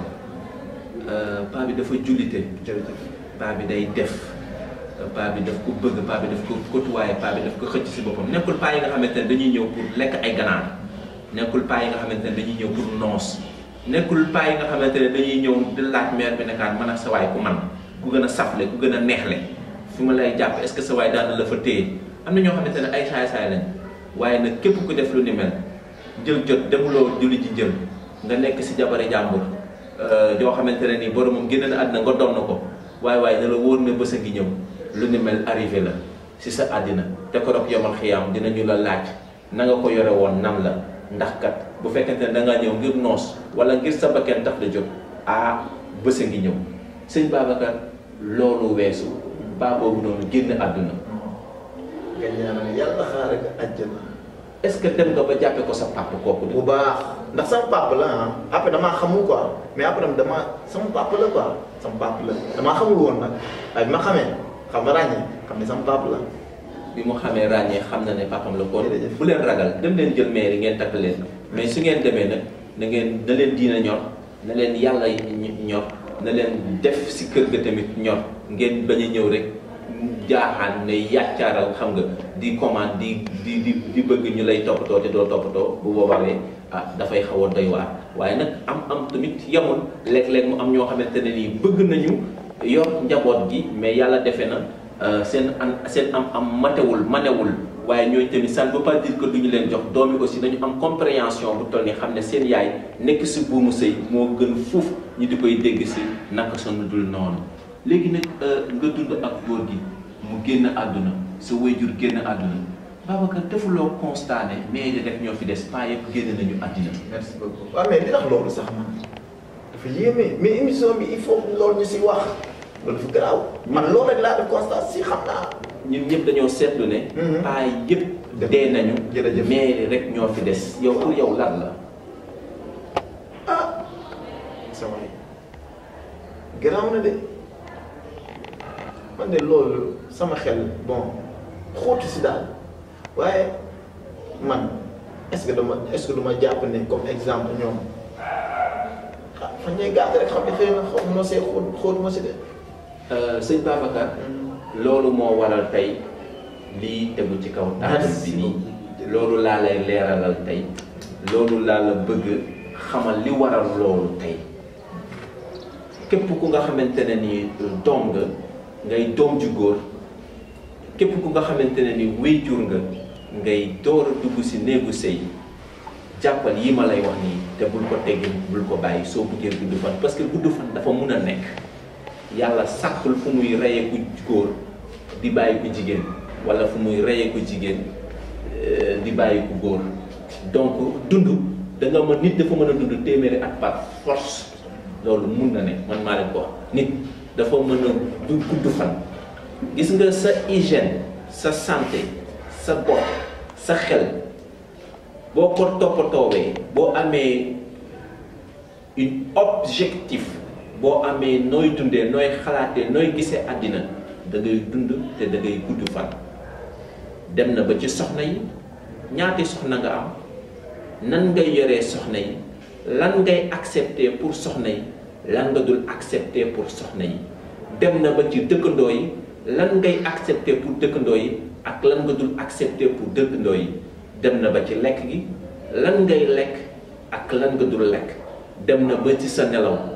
paa bi dafa jullite. paa bi day def. paa bi daf ko bëgg paa bi daf ko côtoyé paa bi daf ko xëcc si boppam nekkul paa yi nga xamante ne dañuy ñëw pour lekk ay ganaar nekkul paa yi nga xamante ne dañuy ñëw pour noos nekkul paa yi nga xamante ne dañuy ñëw di laaj meer bi nekkaat man ak sa waay ku man ku gën a safle ku gën a neexle fi ma lay jàpp est ce que sa waay daan la fa téye am na ñoo xamante ne ay saay-saay lañ waaye nag képp ku def lu ne mel jël jot demuloo julli ji jël nga nekk si jabari jàmbur euh, yoo xamante ne nii boromam génn na àdduna nga doon na ko waaye waaye da la wóor ne bës a ñëw lu ni mel arrivé la si sa adina te ko rok yomal xiyaam dinañu la laaj na nga ko yore woon nan la ndax kat bu fekkente ne da ngaa ñëw ngir noos wala ngir sa bakken tax la jóg ah bësa ngi ñëw sëñ babacar loolu weesu baa boobu noonu génn àdduna nga ñaanal yàlla xaaral nga àjjana est ce que dem nga ba jàppe ko sa papa kooku bu baax ndax sama papa la ah après damaa xamul quoi mais après dama sama la quoi sama la xamul ma xam nga ràññee xam ne papa la. bi mu xamee ràññee xam na ne papam la kon bu leen ragal dem leen jël mairie ngeen takk leen mais su ngeen demee nag na ngeen na leen diina ñor na leen yàlla ñor na leen def si kër ga tamit ñor ngeen bañ a ñëw rek jaaxaan ne yàccaaral xam nga di commande di di di di bëgg ñu lay toppatoo te doo toppatoo bu boobawee ah dafay xaw a doy waar waaye nag am am tamit yemul léeg-léeg mu am ñoo xamante ne nii bëgg nañu yor njaboot gi mais yalla defe na euh, sen sen am am matewul manewul waye ñoy tamit ça ne veut pas dire que duñu ñu leen jox doomi aussi dañu am compréhension bu toll ni xam ne seen yaay nekk si buumu sëy moo gën fouf ñi di koy dégg ci naka sonu dul noonu léegi nag euh, nga dund ak góor gi mu génn aduna sa wayjur génn aduna Babacar defuloo constat mais de def ñoo fi des pas yëpp génn nañu àddina. merci beaucoup waaw mais li tax loolu sax man dafa yéeme mais émission bi il faut loolu ñu ci wax. loolu dafa garaaw man loolu rek laa def constat si xam naa. ñun ñëpp dañoo seetlu ne. paay mhm. yëpp dee nañu. jërëjëf mais rek ñoo fi des. yow pour yow lan la. ah. sama garaaw na de man de loolu sama xel bon xóotu si daal waaye man est-ce que dama est-ce que duma jàpp ne comme exemple ñoom ah fan ñuy gàtt rek xam ne xëy ma see ma si de. Euh, sëñ Babacar mm-hmm. loolu moo waral tey lii tegu ci kaw taabal bi nii loolu laa lay leeralal tey loolu laa la bëgg xamal li waral loolu tey képp ku nga xamante ne ni doom nga ngay doom ju góor képp ku nga xamante ne ni wéyjur nga ngay door a dugg si néegu sëy jàppal yi ma lay wax nii te bul ko teggin bul ko bàyyi soo buggee gudd fan parce que gudd fan dafa mun a nekk yàlla sàkkul fu muy reye ku góor di bàyyi ku jigéen wala fu muy reye ko jigéen euh, di bàyyi ku góor donc dund da nga mën nit dafa mën a dund téeméeri ak par force loolu mun na ne man maa leen ko wax nit dafa mën a du gudd fan gis nga sa hygiène sa santé sa bopp sa xel boo ko toppatoowee boo amee une objectif boo amee nooy dundee nooy xalaatee nooy gisee àddina dangay dund te dangay gudd fan dem na ba ci soxna yi ñaati soxna nga am nan ngay yore soxna yi lan ngay accepter pour soxna yi lan nga dul pour soxna dem na ba ci dëkkandoo yi lan ngay accepter pour dëkkandoo yi ak lan dul accepter pour dëkkandoo yi dem na ba ci lekk gi lan ngay lekk ak lan nga dul lekk dem na ba ci sa nelaw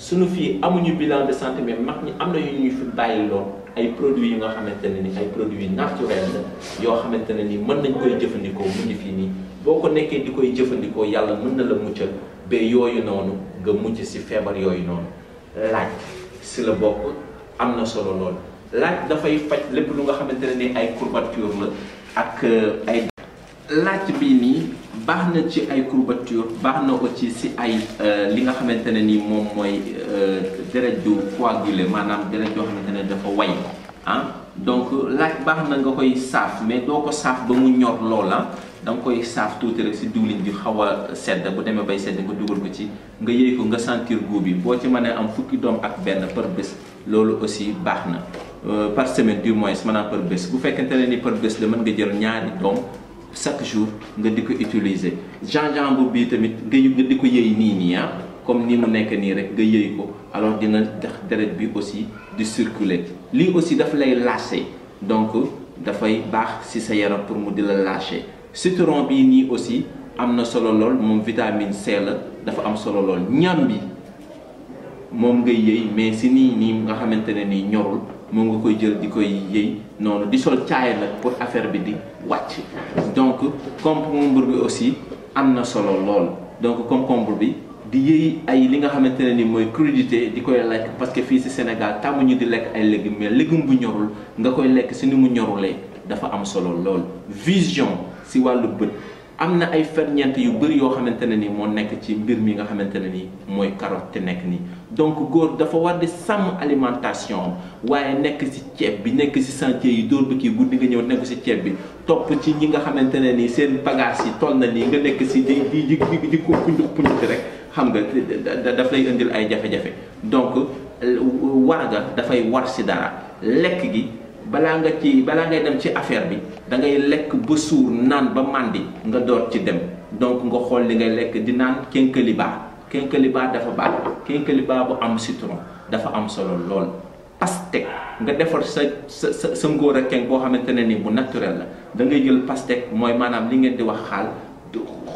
suñu fii amuñu bilan de santé mais mag ñi am na yu ñu fi bàyyiloo ay produit yi nga xamante ne ni ay yi naturels la yoo xamante ne ni mën nañ koy jëfandikoo mu fii nii boo ko nekkee di koy jëfandikoo yàlla mën na la muccal ba yooyu noonu nga mucc si feebar yooyu noonu laaj si la bokk am na solo lool laaj dafay faj lépp lu nga xamante ne ni ay courbature la ak euh, ay laaj bi nii baax na ci ay courbature baax na ci si ay euh, li nga xamante ne nii moom mooy euh, deret ju coagulé maanaam deret joo xamante ne dafa way ah donc laaj baax na nga koy saaf mais doo ko saaf ba mu ñor loola da nga koy saaf tuuti rek si diwlin bi xaw a sedd bu demee bay sedd nga dugal ko ci nga yëy ko nga sentir goût bi boo ci mënee am fukki doom ak benn par bés loolu aussi baax na euh, par semaine du moins maanaam par bés bu fekkente ne nii par bés la mën nga jël ñaari doom chaque jour nga diko ko utiliser gingembre bi tamit nga nga di ko ni ah, comme ni mu nek ni rek nga yeey ko alors dina tax deret bi aussi de circuler li aussi daf lay lasser. donc fay bax si sa yaram pour mu di la lâcher citron bi ni aussi amna solo lol mom vitamine C la dafa am solo lol ñam bi mom ngay yeey mais si ni nga xamante ni ñorul sais nga koy jël di koy yëy noonu di sol caaya pour affaire bi di wàcc donc que bi aussi am na solo lool donc que bi di yëy ay li nga xamante ne ni di koy lekk parce que fii ci Sénégal di lekk ay légumes mais légume bu ñorul nga koy lekk ci ni mu dafa am solo lool vision si wàllu bët am na ay ferñeent yu bëri yoo xamante ne ni moo nekk ci mbir mi nga xamante ne ni mooy carotte te nekk nii donc góor dafa war di sàmm alimentation waaye nekk ci ceeb bi nekk ci chantier yi dóor bi kii guddi nga ñëw nekk ci ceeb bi topp ci ñi nga xamante ne ni seen bagage yi toll na nii nga nekk ci di di di di ko punjuk punjuk rek xam nga daf lay indil ay jafe-jafe donc war ga dafay war si dara lekk gi. balaa nga ci balaa ngay dem ci affaire bi da ngay lekk ba suur naan ba màndi nga door ci dem donc nga xool li ngay lekk di naan kénkeliba kénkeliba dafa baax kénkeliba bu am citron dafa am solo lool pastèque nga defal sa sa sa sa ngóor a kenk boo xamante ne ni bu naturel la da ngay jël pastèque mooy maanaam li ngeen di wax xaal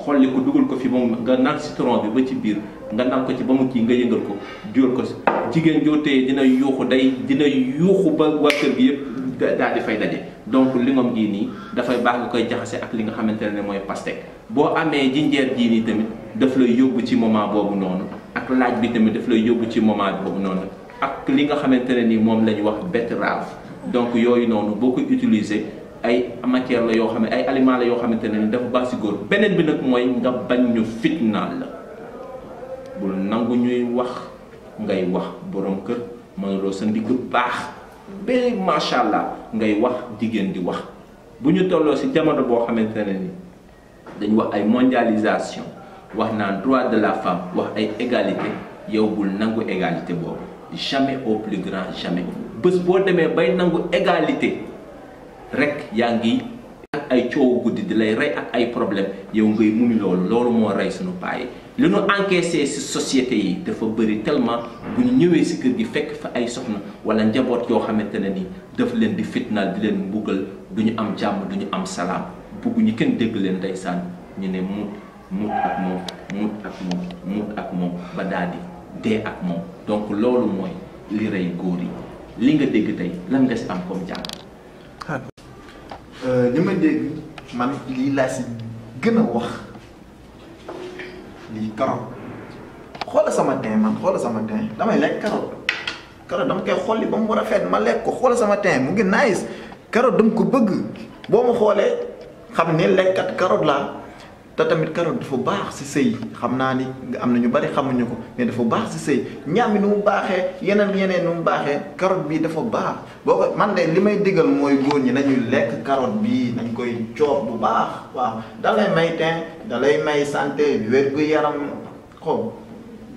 xolli ko dugal ko fi moom nga naan citron bi ba ci biir nga naan ko ci ba mu kii nga yëngal ko jóor ko si jigéen joo téye dina yuuxu day dina yuuxu ba waa kër gi yëpp daal di fay daje donc lingom gii nii dafay baax nga koy jaxase ak li nga xamante ne mooy pastèque boo amee jinjeer ji nii tamit daf lay yóbbu ci moment boobu noonu ak laaj bi tamit daf lay yóbbu ci moment boobu noonu ak li nga xamante ne nii moom la ñu wax betterave donc yooyu noonu boo ko utiliser ay matière la yoo xam ne ay aliments la yoo xamante ne dafa baax si góor beneen bi nag mooy nga bañ ñu fitnaal la bul nangu ñuy wax ngay wax borom kër mënuloo sa ndigg baax ba macha allah ngay wax jigéen di wax bu ñu tolloo si jamono boo xamante ne ni dañ wax ay mondialisation wax naan droit de la femme wax ay égalité yow bul nangu égalité boobu jamais au plus grand jamais bés boo demee bay nangu égalité rek yangi ngi ak ay coow problem di lay rey ak ay problème yow ngay muñ loolu loolu moo rey suñu bàyyi li nu encaissé si société yi dafa bëri tellement bu ñu ñëwee kër gi fekk fa ay soxna wala njabot yo xamante ni daf leen di fitnaal di leen mbugal am jam du am salam bugg ñu kenn dégg leen ndeysaan ñu ne mut mut ak mut ak mut ak badadi ba daal di dee ak moom donc loolu mooy li rey góor yi li nga dégg lan nga am comme jàng Euh, li ma dégg man lii laa si gën a wax lii carotte xoola sama teint man xoola sama teint damay lekk carotte carotte dama koy xolli ba mu war a fet ma lekk ko xoola sama teint mu ngi nice carotte dama ko bëgg boo ma xoolee xam ne lekkat carotte laa te tamit carotte dafa baax si sëy xam naa ni am na ñu bari xamuñu ko mais dafa baax si sëy ñaami nu mu baaxee yeneen yeneen nu mu baaxee carotte bii dafa baax boo ko man de li may diggal mooy góor ñi nañuy lekk karoot bii nañ koy coob bu baax waaw dalay lay may teint da lay may santé wér gu yaram xob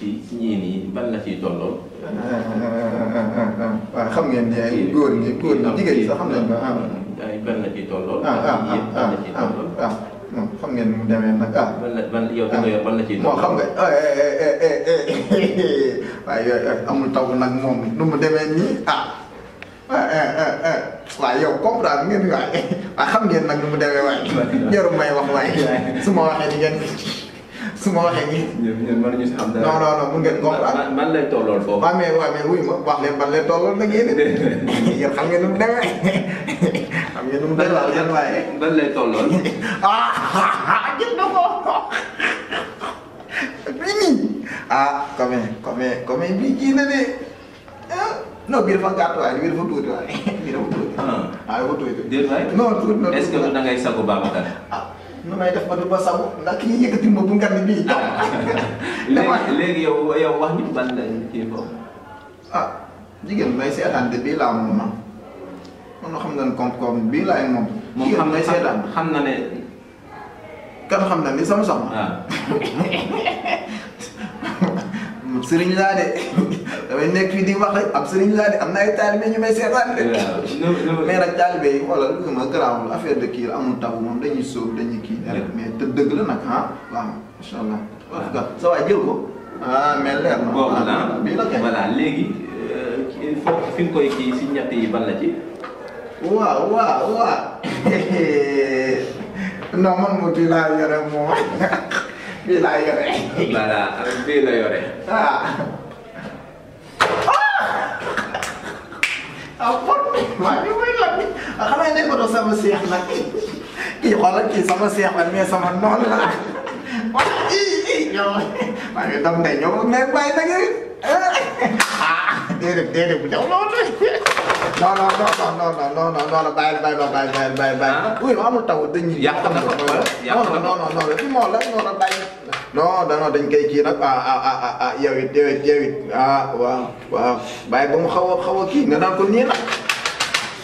ci ñii nii ban la ciy tollool. waaw ah, xam ngeen ne ay góor ñi góor ñi jigéen ñi sax xam nañ ah. ko ay ban la ciy tollool. ah ah ah, ah ah xam ngeen mu demee nag ah. ban la ban yow da nga yor ban la ciy tollool. moo xam nga eh, eh, eh, waaye yooyu amul taw nag moom nu mu demee nii ah. waaw yow comprendre ngeen waaye waaw xam ngeen nag nu mu demee waaye jarul may wax waaye su ma waxee ni ngeen. su ma waxee nii. ñun ñun mënuñu si xam dara. non non non mun ngeen comprendre. man lay tollool foofu. waaw mais waaw mais wuy ma wax leen man lay tollool nag yéen yéen xam ngeen nu mu demee xam ngeen nu mu demee waaw yéen waaye. man lay tollool. ah ah gis nga ko. bii ah comme comme comme bii kii na de ah. non bii dafa gàtt waaye bii dafa tuuti waaye bii dafa tuuti. ah dafa tuuti. déet waay non tuuti na est-ce que da ngay sago Babacar. nu may def ba du ba saw ndax ki ñuy yëkkati ma bu ngan bii. dama léegi yow yow wax ni ban lañ ci ko. ah jigéen may seetaan te bii laa moom man ah. man xam nañ koom-koom bii laay moom. moom xam may seetaan xam na ne. kan xam na ni sama soxna. Ah. sëriñ laa de damay nekk fii di wax ab sëriñ laa de am na ay taalibe ñu may seetaan de. mais nag taalibe yi wala lu ko ma garaawul affaire de kii la amul tabu moom dañuy sóob dañuy kii rek mais te dëgg ah, ah, ah, léegi. Euh, foofu fi koy kii si ñett yi ban la ci. waaw waaw waaw. non man motu laa moom. 見ないよねなら見ないよねあああっぽってまにもいらねあからねこのサムシヤなきこらきサムシヤはみやさまのな yow bi ngi na ngeen ah déedéet déedéet bu jaw la bàyyi la bàyyi la bàyyi bàyyi. oui amul taw dañuy. yàq na ko yàq na ko non non non non moo la moo la bàyyi. non non dañ koy kii nag ah ah ah yow it yow it yow ah waaw waaw bàyyi ba mu xaw a kii nga naan ko nii nag.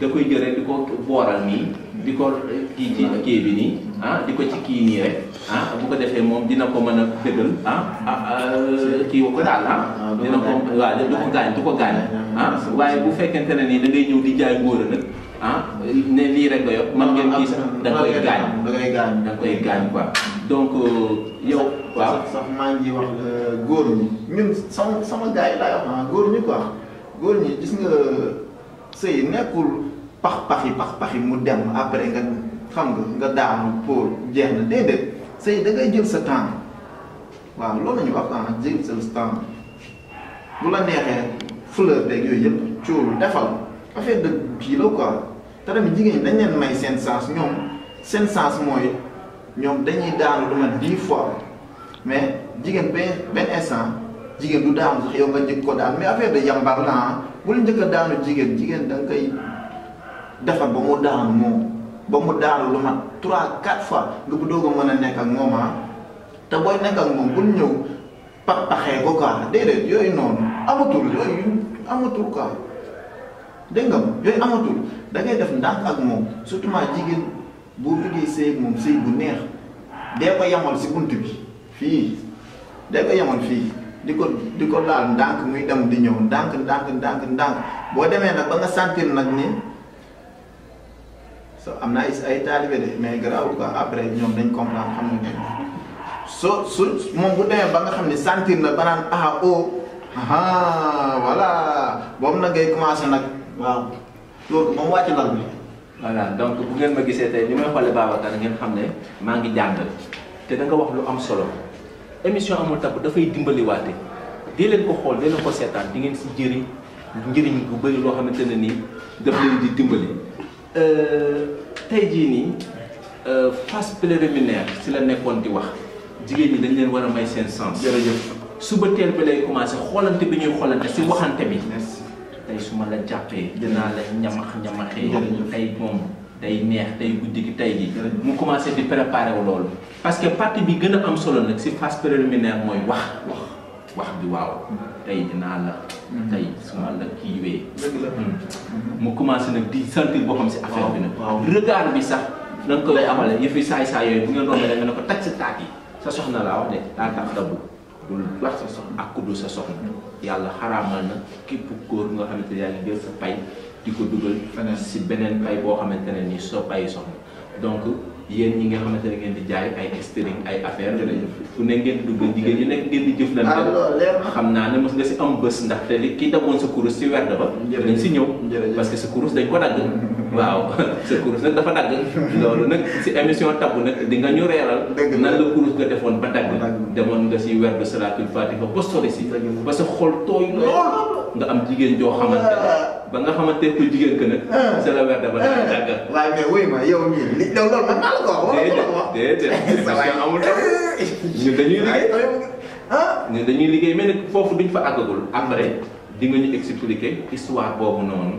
da koy jël rek di ko booral nii di ko eh, kii ci kii bi nii ah di ko ci kii nii rek ah, bu ko defee moom dina ko mën a dëggal ah, ah, ah kii wa ko daal ah dina ko waaw du ko gaañ du ko gaañ waaye bu fekkente ne nii da ngay ñëw di jaay ngóor a nag lii rek nga man ngeen gis da koy gaañ da koy gaañ donc euh, yow waa sax maa ngi wax euh, góor ñi sama sama gars yi laay wax ah góor ñi quoi góor ñi gis nga sëy nekkul pax pax yi pax pax yi mu dem après nga xam nga nga daanu pour jeex na déedéet sëy da ngay jël sa temps waaw loolu la ñuy wax ah jël sa temps bu la neexee fleur beeg yooyu yëpp cóolu defal affaire de kii la quoi te tamit jigéen ñi dañ leen may seen sens ñoom seen sens mooy ñoom dañuy daanu lu di dix fois mais jigéen benn benn instant jigéen du daanu sax yow nga njëkk ko daan mais affaire de yambar la ah. bul njëkk a daanu jigéen jigéen da defar ba mu daanu moom ba mu daanu lu mat trois quatre fois nga bu doo a mën a nekk ak moom ah. te booy nekk ak moom bul ñëw pax paxee ko quoi déedéet yooyu noonu amatul yooyu amatul quoi dégg nga yooyu amatul def ndànk ak moom surtout jigéen boo bëggee sëy ak moom sëy bu neex dee ko yamal si bunt bi fii dee ko yamal fii. di ko di ko laal ndànk muy dem di ñëw ndànk ndànk ndànk ndànk boo demee nag ba nga sentir nag ni so am na ay ay taalibe de mais garaawul quoi après ñoom dañ comprendre xam nga soo su ba nga xam ne sentir na ba naan ah oh boobu nag ngay commencé nag waaw loolu moom wàcc lal bi. voilà donc bu ngeen ma gisee tey ni may xoolee Babacar ngeen xam ne maa ngi jàng te da nga wax lu am solo. émission amul tab dafay dimbaliwaate di leen ko xool di leen ko seetaan di ngeen si jëriñ njëriñ bu bëri loo xamante ne nii daf di dimbali. Euh, tey jii nii euh, phase préliminaire si la nekkoon di wax jigéen ñi dañ leen war a may seen sens. jërëjëf suba teel bi lay commencé xoolante bi ñuy xoolante si waxante bi. tey su ma la jàppee dinaa la ñamax ñamaxee. ay moom. day neex tey guddi ki tey gi mu commencé di préparer wu loolu parce que partie bi gën a am solo nag si phase préliminaire mooy wax wax wax bi waaw tey dinaa la mhm. tey suma la kii wee hmm. mu commencé nag di sentir boo xam si affaire bi nag regard bi sax na nga ko lay amale yëf saay saay yooyu bu ngeen rombee da nga ne ko taj sa taat yi sa soxna laa wax de daa tax dabu wax sa soxna ak kuddul sa soxna yàlla xaraamal na képp góor nga xamante yaa ngi jël sa pay di ko duggal dugal si beneen pay boo xamante ne nii so ay soxna donc yéen ñi nga xamante ne ngeen di jaay ay string ay affaire fu ne ngeen di dugg jigéen ñi nekk ngeen di jëflante ah, xam naa ne mos nga si am bés ndaxte li kii damoon sa kurus si werd ba dañ si ñëw parce que sa kurus dañ ko dagg waaw sa kurus nag dafa dagg loolu nag si émission tabu nag di ñu reeral nan la kurus nga defoon ba dagg demoon nga si werdu salaatul fatiha ba sori si ba sa xol tooy lool nga am jigéen joo xamante ba nga xamante ku jigéen que nag ah. sa la weer dafa dagg ah. waaye mais wuy ma yow mii li loolu man maa la ko wax dañuy liggéey ah. ñu dañuy liggéey mel ni foofu duñ fa àggagul après di nga ñu expliquer histoire boobu noonu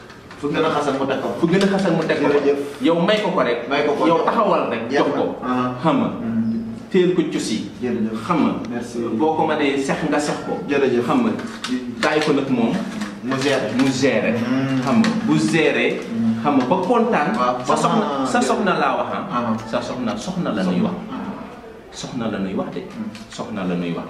fu gën a xasal mu teg ko fu gën a xasal mu teg ko yow may ko ko rek may ko yow taxawal rek jox ko ah. xam nga mm. teel ko cusi xam nga boo ko mënee sex nga sex ko jërëjëf xam nga bàyyi ko moom mu géré mu géré mm. xam nga bu géré mm. xam nga ba kontaan sa soxna sa soxna laa wax ah. Ah. sa soxna soxna la nuy wax soxna la nuy wax de soxna la nuy wax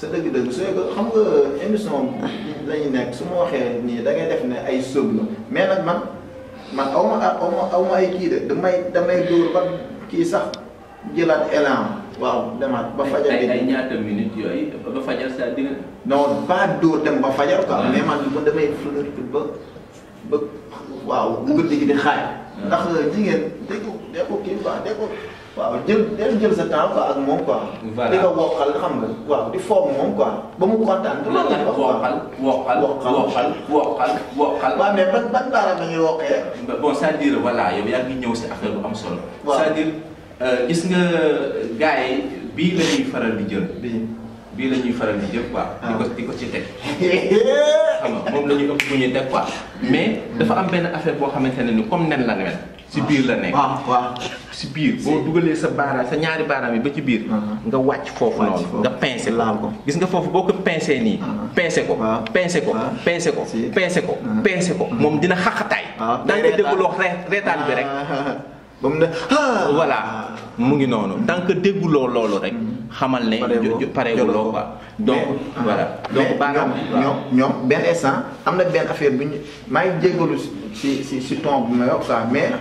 sa dëgg-dëgg su ko xam nga émission la nekk su ma waxee nii dangay def ne ay sëb la mais nag man man aw ma aw ay kii de damay damay dóor ba kii sax jëlaat élan waaw demaat ba fajar ay ay ñaata minutes yooyu ba fajar sa dina. non dem ba fajar quoi. Ah. mais man man damay flirter ba ba waaw guddi gi di xaaj. Ah. ndax jigéen dégg ko dégg ko kii quoi dégg ko. waaw jël del jël sa temps quoi ak moom quoi. voilà di ko wokkal xam nga waaw di foog moom quoi ba mu kontaan. loolu la ñu wokkal wokkal wokkal wokkal wokkal. waaw mais ban ban baaraam la ñuy wokkee. bon c'est-à-dire voilà yow yaa ngi ñëw si affaire bu am solo. waaw cest gis nga gars bii la ñuy faral di jël. bii la ñuy faral di jël quoi. di ko di ko ci teg. xam nga moom la ñu ëpp ñuy teg quoi. mais dafa am benn affaire boo xamante ne ni comme nen la nga si biir la nekk. waaw waaw si biir boo dugalee sa baaraam sa ñaari baaraam yi ba ci biir. Uh-huh. nga wàcc foofu noonu. nga pincé laal ko gis nga foofu boo ko pincé nii. Uh-huh. pincé ko pincé ko pincé ko pincé ko uh-huh. pincé ko moom dina xaqataay. waaw day reetaan danga dégguloo reetaan bi rek. ba mu ne voilà mu ngi noonu tant que dégguloo loolu rek. xamal ne pareeguloo quoi donc voilà donc baaraam ñoom ñoom benn instant am na benn affaire bu ñu maa ngi jégalu si si si tomb bi may wax mais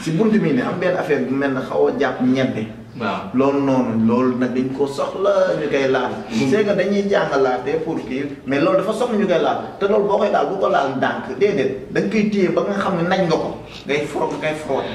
si bunt mi ne am benn affaire bu mel ne xaw a jàpp ñebbe. waaw loolu noonu loolu nag dañ ko soxla ñu koy laal. Mm. c'est que dañuy jàngalaate pour kii mais loolu dafa soxla ñu koy laal te loolu boo koy laal bu ko laal ndànk déedéet da nga koy téye ba nga xam ne nañ nga ko ngay fro ngay frotte.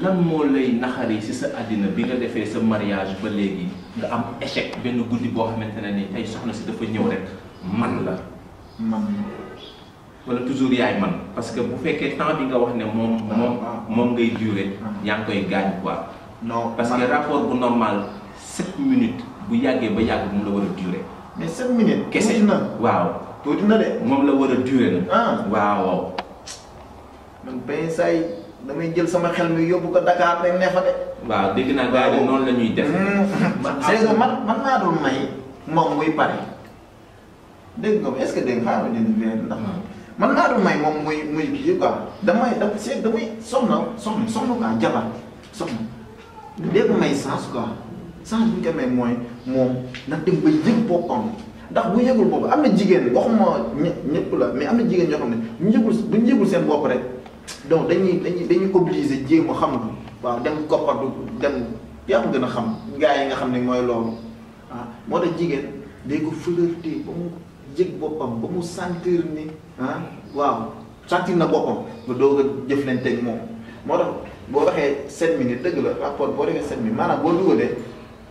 lan moo lay naxari ci sa àddina bi nga defee sa mariage ba léegi nga am échec benn guddi boo xamante ne ni tey soxna si dafa ñëw rek man la man wala toujours yaay man parce que bu fekkee temps bi nga wax ne moom ah, moom ah. moom ngay durer ah. yaa ngi koy gaañ quoi non parce que rapport bu normal sept minutes bu yàggee ba yàgg moom la war a durer mais sept minutes kese waaw na moom la war a durer na waaw waaw da ngay jël sama xel mi yóbbu ko Dakar rek ne fa de. waaw dégg naa gars yi noonu la ñuy def. Hmm. c'est que ah. man man maa doon may moom muy pare dégg nga est-ce que dégg nga xaaral ma jënd weer ndax hmm. man maa doon may moom muy muy kii quoi damay da c'est damay soxna soxna soxna quoi jabar soxna dégg may sens quoi sens bu ñu ko may mooy moom na dem ba yëg boppam ndax bu yëgul boppam am na jigéen waxuma ñë ñëpp la mais am na jigéen ñoo xam ne bu ñu yëgul bu ñu yëgul seen bopp rek donc dañuy dañuy dañuy obliger jéem a xam waaw dem koppatu dem yaa gën a xam gars yi nga xam ne mooy loolu ah moo tax jigéen day ko flirté ba mu jëg boppam ba mu sentir ni ah waaw sentir na boppam nga doog a jëflanteeg moom moo tax boo waxee 7 minutes dëgg la rapport boo defee 7 minutes maanaam boo dugalee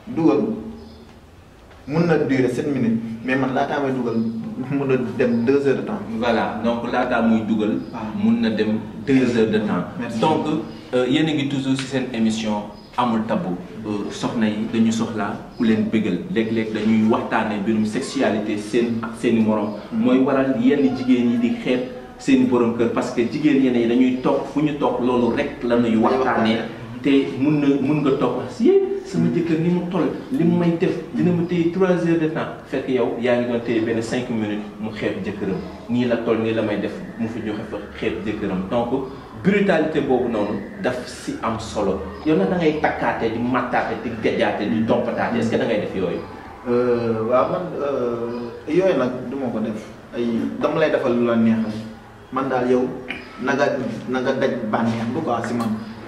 dugal. mun na durer sept minutes mais man laataa may dougal mun na dem 2 heures de temps. voilà donc laataa muy dougal mun na dem 2 heures de temps. donc euh, yéen a ngi toujours ci sen émission amul tabou. Euh, soxna yi dañu soxla ku len bëggal léeg-léeg dañuy waxtaane mbirum sexualité sen ak seen morom. moy mm-hmm. waral yenn jigéen yi di xeet seen borom kër parce que jigéen yene yi dañuy tok fu tok lolu rek la ñuy waxtaanee te mun na mun nga tok si sama jëkkër ni mu toll li def dina ma trois heures de temps fekk yow yaa ngi doon téye benn cinq minutes mu xeeb la toll nii la def fi joxe donc brutalité boobu daf si am solo yow da ngay di di di est-ce que da ngay def euh, man euh, def ay lay defal la neexal man daal yow na nga daj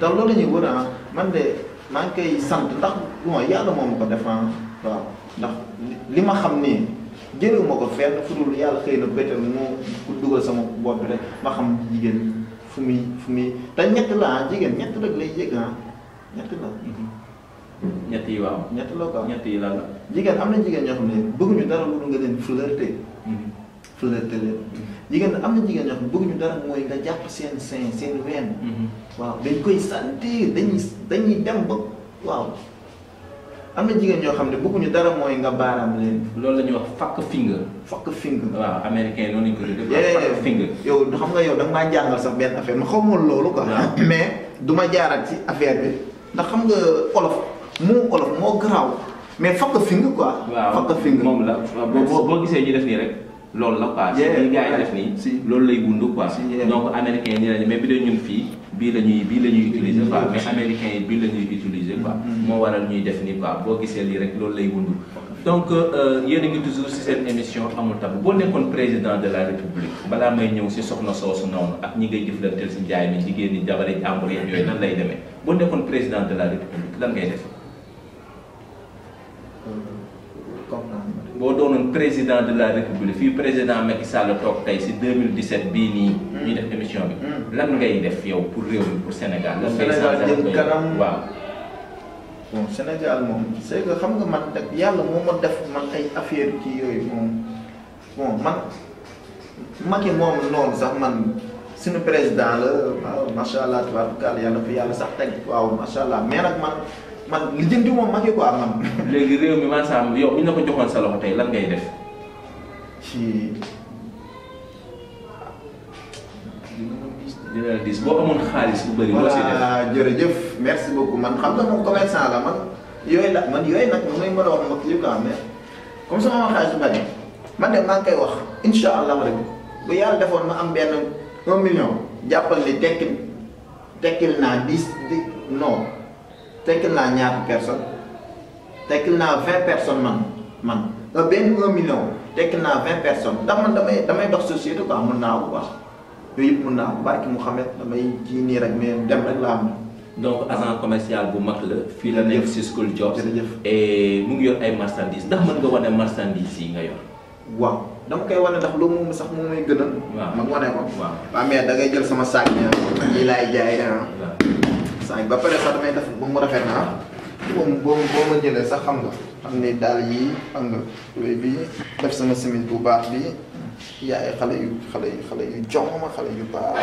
la ñuy ah. de maa ngi sant ndax bon yàlla moo ma ko def ah waaw ndax li ma xam nii jëlewu ma ko fenn fu dul yàlla xëy na béykat bi moo ko dugal sama bopp rek ma xam jigéen fu muy fu muy te ñett la ah jigéen ñett rek lay yëg ah ñett la. ñett yi waaw. ñett yi la. jigéen am na jigéen ñoo xam ne bëgguñu dara lu nga leen flirté. Mhm. flirté leen. jigéen am na jigéen ñoo xam bëgguñu dara mooy nga jàpp seen sein seen ween. waaw dañ koy sentir dañuy dañuy dem ba waaw am na jigéen ñoo xam ne bëgguñu dara mooy nga baaraam leen. loolu la ñuy wax fuck finger. fuck finger. waaw américain noonu lañ ko xam nga yow da nga maa jàngal sa benn affaire ma xamoon loolu ko mais duma jaaral ci affaire bi ndax xam nga olof moo olof moo garaaw mais fuck finger quoi. waaw fuck finger moom la boo boo gisee ñu def nii rek. loolu la quoi si li gars yi def nii loolu lay wund quoi donc américain ñi lañu mais bi dee ñun fii bii la ñuy bii la ñuy utiliser quoi mais américain yi bii la ñuy utiliser quoi mm-hmm. moo waral ñuy def nii quoi boo gisee lii rek loolu lay wund donc euh, euh, yéen a ngi toujours si seen émission amul tabu boo nekkoon président de la république balaa may ñëw si soxna soosu noonu ak ñi ngay jëflanteel si jaay mi jigéen ñi jabari jàmbur yi yooyu nan lay demee boo nekkoon président de la république lan ngay def euh, boo doonoon président de la république fii président Macky Sall toog tey si 2017 bii nii. Hmm. ñuy def émission bi. Hmm. lan ngay def yow pour réew mi pour Sénégal. lan ngay Sénégal waaw. bon Sénégal moom c'est que xam nga man nag yàlla moo ma def man ay affaire ci yooyu moom bon man Macky moom noonu sax man suñu président la waaw macha allah tubaab yàlla fi yàlla sax teg waaw macha allah mais nag man. man lijjanti moom Macky quoi man. léegi réew mi man Samb yow bu ñu la ko joxoon sa loxo tey lan ngay def. ci. dina dis boo amoon xaalis bu bëri. loo siy def voilà jërëjëf merci beaucoup man xam nga moom commerçant la man yooyu la man yooyu nag moom mooy mën a wax mbokk yëpp quoi mais comme sama ma xaalis bu man de maa ngi wax incha allah rek bu yàlla defoon ma am benn un million jàppal ni tekki tekkil naa dix non. tekkil naa ñaari personne tekkil naa vingt personnes man man benn un million tekkil naa vingt personnes ndax man damay damay dox société quoi mun naa ko wax yooyu yëpp mun naa ko barki Mouhamed damay ji nii rek mais dem rek laa am. donc agent commercial bu mag la. fii la nekk si school jobs. mu ngi yor ay marchandises ndax mën nga wane marchandises yi nga yor. waaw dama koy wane ndax loolu moom sax moom may gënal. waaw ma wane ko. waaw mais da ngay jël sama saak bi ah. sañ ya, ya, ba pare sax damay def ba mu rafet naa moom boo boo ma jëlee sax xam nga xam ne yi xam nga tubéy bi def sama simin bu baax bi yaay xale yu xale yu xale yu joxuma xale yu baax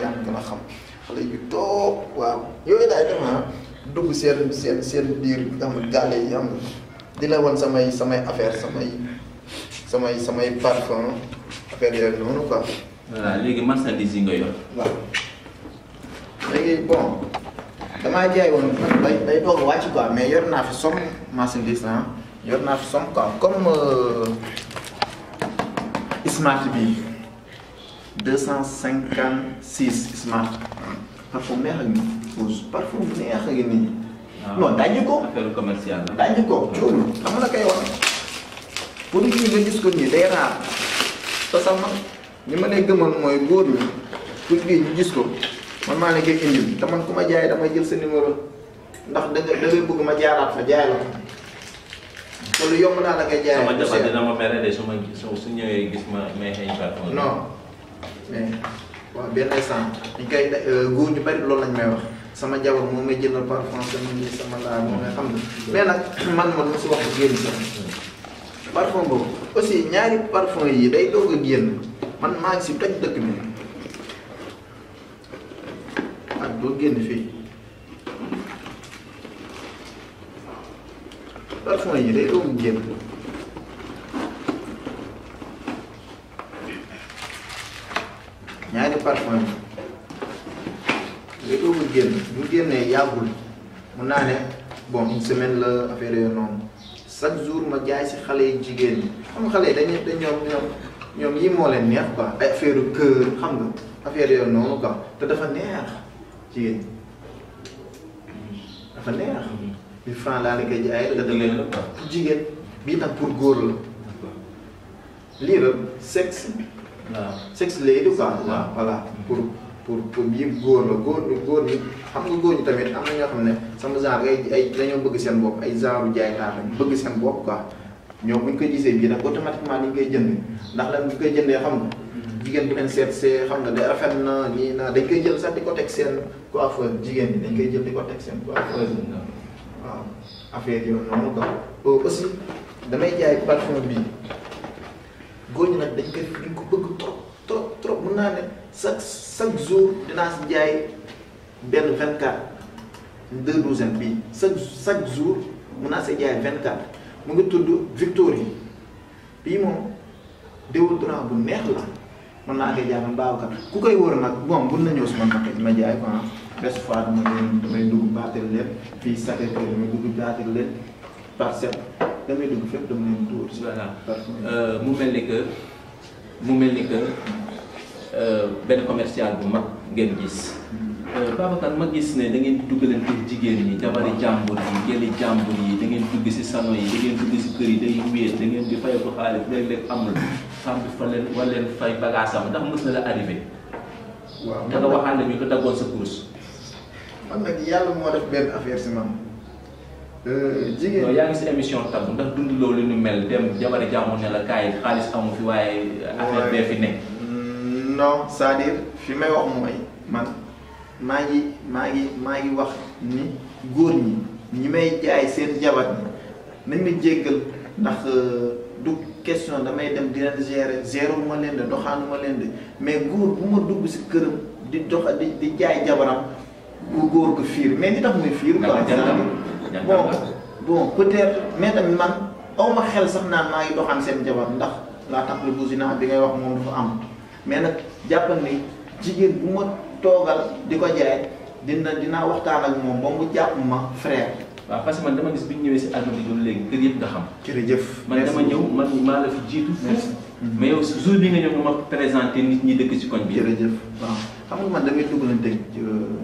yaa gën a xam xale yu toog waaw yooyu daay dem ah dugg seen seen seen biir am gàlle yi am di la sama samay samay affaire sama samay samay parfum affaire yooyu noonu quoi. voilà léegi marchandise yi nga yor. waaw léegi bon. damaa jaay woon day day doog wàcc quoi mais yor naa fi somme marchandise ah yor naa fi somme comme euh, smart bi deux cent cinquante six smart parfum neex ak nii pause parfum neex ak nii. Ah. non daañu ko affaire commerciale la. daañu ko coono dama la koy wax produit yi nga gis ko nii day raar te sax man ma lay gëmal mooy góor ñi produit yi ñu gis ko. man maa nekkee indil te man ku ma jaay damay jël sa numéro ndax da nga da bëgg ma jaaraat fa jaay la loolu yomb naa la ngay jaayee. sama su ñëwee gis ma may xëy parfum. non mais waaw benn instant ñu koy euh, góor ñu bari loolu lañ may wax sama jabar moom may jëndal sama lii sama laa moom nga xam ne mais nag man man mosu wax génn sax parfum boobu aussi ñaari parfum yi day doog a génn man maa si toj dëkk bi. at doo génn fii parfum yi day doon jéem ñaari parfum yi day doon génn bu génnee yàggul mun naa ne bon une semaine la affaire yooyu noonu chaque jour ma jaay si xale yi jigéen ñi xam xale yi dañuy dañ ñoom ñoom ñoom yi moo leen neex quoi ay affaire kër xam nga affaire yooyu noonu quoi te dafa neex. jigéen dafa neex. 1000 francs laa jigéen bii tam pour góor la. lii la sexe. waaw sexe lay du quoi. waaw voilà pour pour pour bii góor la góor góor ñi xam nga góor ñi tamit am na ñoo xam ne sama genre ay ay dañoo bëgg seen bopp ay genre jaaykaar lañ bëgg seen bopp quoi ñoom bu ñu ko gisee bii nag automatiquement dañ koy jënd ndax lan bu koy jëndee xam nga. jigéen bu leen seet see xam nga ne rafet na lii naa dañ koy jël sax di ko teg seen coiffeuse jigéen ñi dañ koy jël di ko teg seen coiffeuse waaw affaire yooyu noonu euh, damay jaay parfum bi nag dañ koy dañ ko bëgg trop trop trop mën naa ne chaque chaque jour dinaa si jaay benn 24 deux douzaine bi chaque chaque jour mën naa si jaay 24 mu ngi tudd Victoria bii moom déodorant bu neex la. mën naa koy jàppale Babacar ku koy wóor nag bon mun na ñëw su ma naqari ma jaay quoi des fois dama leen damay dugg baatal leen fii Sacré damay dugg baatal damay dugg fépp dama leen dóor. voilà euh, mu mel ni euh, benn commercial bu mag ngeen gis. Euh, Babacar ma gis ne da ngeen di duggalante jigéen ñi jabari jàmbur yi geli jàmbur yi da ngeen dugg si salon yi da ngeen dugg si kër yi day wéet da ngeen di fay ko xaalis léeg amul femme bi fa leen war leen fay bagage am ndax mës na la arrivé. waaw da nga waxaan ne ko daggoon sa course. man nag yàlla moo def benn affaire si man. Euh, jigéen yaa ngi si émission tabu ndax dund loolu nu mel dem jabari jàmbur ne la kaay xaalis amu fi waaye. affaire bee fi nekk. Mm, non cest fi may wax mooy man. maa ngi maa ngi maa ngi wax ni góor ñi ñi may jaay seen jabar ñi nañ ma jéggal ndax euh, du question damay dem di leen gérer gérer ma leen de doxaanu ma leen de mais góor bu ma dugg si këram di dox di di jaay jabaram bu góor ko fiir mais li tax muy fiir quoi bon bon peut xel sax naan maa ngi doxaan ndax laa tax lu busi wax moom am mais nag jàppal ni jigéen bu ma toogal di ko jaay dina dinaa waxtaan ak moom ba mu jàpp ma frère. waaw parce que man dama gis bi ñu ñëwee si àdduna bi ñun léegi kër yëpp nga xam. jërëjëf man dama ñëw man maa la fi jiitu. Mm-hmm. mais yow jour bi nga ñëw ma présenté nit ñi dëkk si koñ bi. jëf waaw xam nga man damay dugalante euh,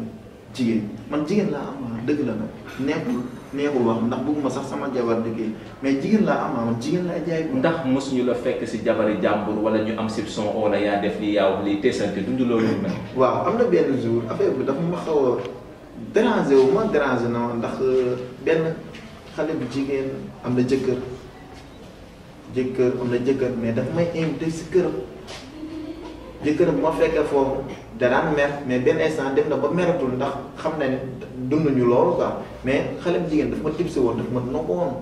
jigéen man jigéen laa am dëgg la neexul wax ndax bëgguma sax sama jabar di mais jigéen laa am man jigéen laa jaay ko. ndax mos ñu la fekk si jabari jàmbur wala ñu am si son wala yaa def lii yaa wax lii teesante dundu loolu mel. waaw am na benn jour affaire bi dafa ma xaw a dérangé wu na ma ndax euh, benn xale bu jigéen am na jëkkër jëkkër am la jëkkër mais dafa may invité si këram. jëkkëram moo fekkee foofu danaan mer mais benn instant dem na ba meratul ndax xam na ne dunduñu loolu quoi mais xale bu jigéen daf ma tibsi woon daf ma nokk woon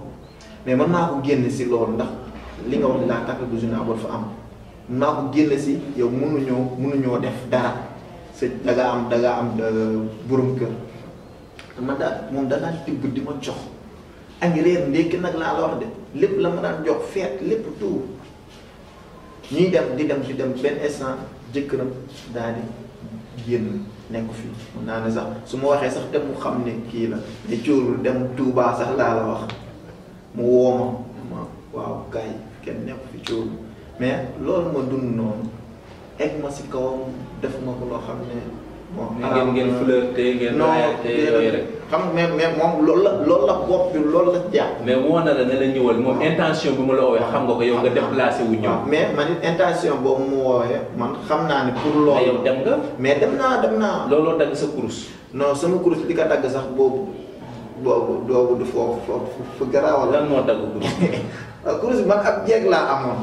mais mën naa ko génn si loolu ndax li nga wax laa takk am mën naa si yow mënuñoo mënuñoo def dara sa da nga am da nga am euh, borom kër man daal moom da ngaa tibb di ma jox añ reer ndékki nag laa la wax de lépp la ma daan jox feet lépp tout ñuy dem di dem di dem benn instant jëkkëram daal génn nekk fi mun naa ne sax su ma waxee sax dem mu xam ne kii la ne coorul dem Touba sax laa la wax mu wooma ma waaw gars yi kenn nekk fi coorul mais loolu ma dund noonu egg ma si kawam def ma ko loo xam ne ngeen ngeen flirté ngeen. rek xam nga mais moom loolu la loolu la bopp bi loolu la mais woo na la ne la ñëwal moom ah. intention bi mu la woowee xam nga ko yow nga ah. déplacé wu ñëw. Ah, mais man intention boobu mu woowee man xam naa ne pour. loolu yow dem nga. mais dem naa dem naa. looloo dagg sa kurus. non sama kurus li ko dagg sax boobu boobu doobu du foofu foofu fu garaawal. lan moo dagg kurus. waaw kurus man ak jeeg laa amoon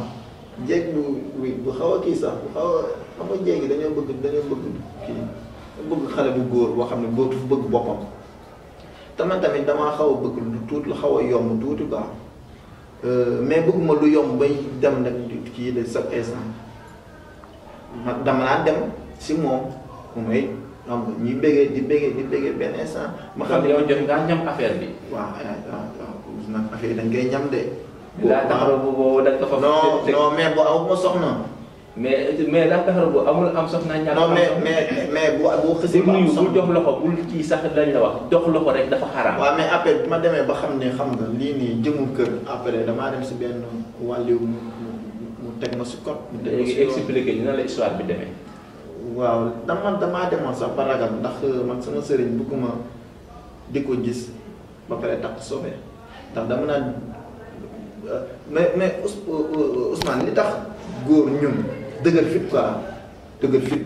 jeeg bu bu xaw a kii sax bu xaw a xam nga jeeg yi dañoo bëgg dañoo bëgg kii. bëgg xale bu góor boo xam ne góor dafa bëgg boppam te man tamit damaa xaw a bëgg lu tuuti lu xaw a yomb tuuti baax eh, mais bëgguma lu yomb bay dem nag ci de chaque instant ma dama naa dem si moom mu may xam nga ñuy bëggee di bëggee ah. di bëggee benn instant. ma xam ne yow jot ngaa ñam affaire bi. waaw waaw waaw affaire dañ koy ñam de. boo taxaw boo da nga fa. non non mais boo aw ma soxna. mais mais la taxar bu amul am soxna ñàkk non mais mais mais bu boo xësee ba am soxna bul jox loxo bul kii sax lañ la wax jox loxo rek dafa xaraam waaw mais après bi ma demee ba xam ne xam nga lii nii jëmul kër après damaa dem si benn wàlliw mu mu teg ma si kot mu teg ma si expliqué ñu nan la histoire bi demee waaw dama damaa demoon sax ba ragal ndax euh, man sama sëriñ bëgguma di ko gis ba pare takk sobe ndax dama naan euh, mais mais euh, Ousmane li tax góor ñun dëgër fit quoi dëgër fit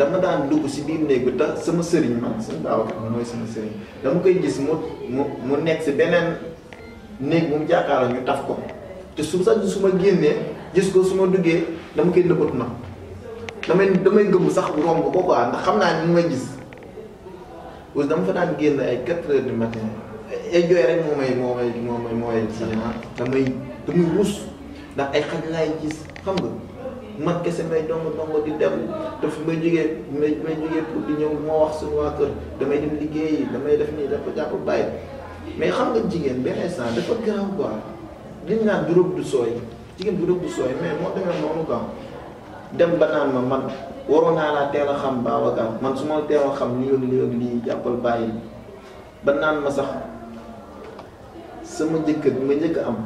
dama daan dugg si biir néeg bi tax sama sëriñ man sama daawakat mooy sama sëriñ dama koy gis mu mu mu nekk si beneen néeg bu mu jàkkaarloo ñu taf ko te su sax su ma génnee gis ko su ma duggee dama koy nëbbatu na damay damay gëmm sax romb ko quoi ndax xam naa ni mu may gis aussi dama fa daan génn ay 4 heures du matin ay rek moo may moo may moo may moo may ci ah. damay damay ruus ndax ay xaj laay gis xam nga. man kesse may dongo dongo di dem daf may jógee may may jógee pour di ñëw moo wax suñu waa kër damay dem liggéeyi damay def nii dafa jàpp bàyyi mais xam nga jigéen benn instant dafa garaaw quoi liñ naan durub du sooy jigéen durub du sooy mais moo demee noonu quoi dem ba naan ma man waroon naa laa teel a xam baawagal ma teel a xam lii ak lii ak lii jàppal bàyyi ba naan ma sax sama jëkkër ma njëkk am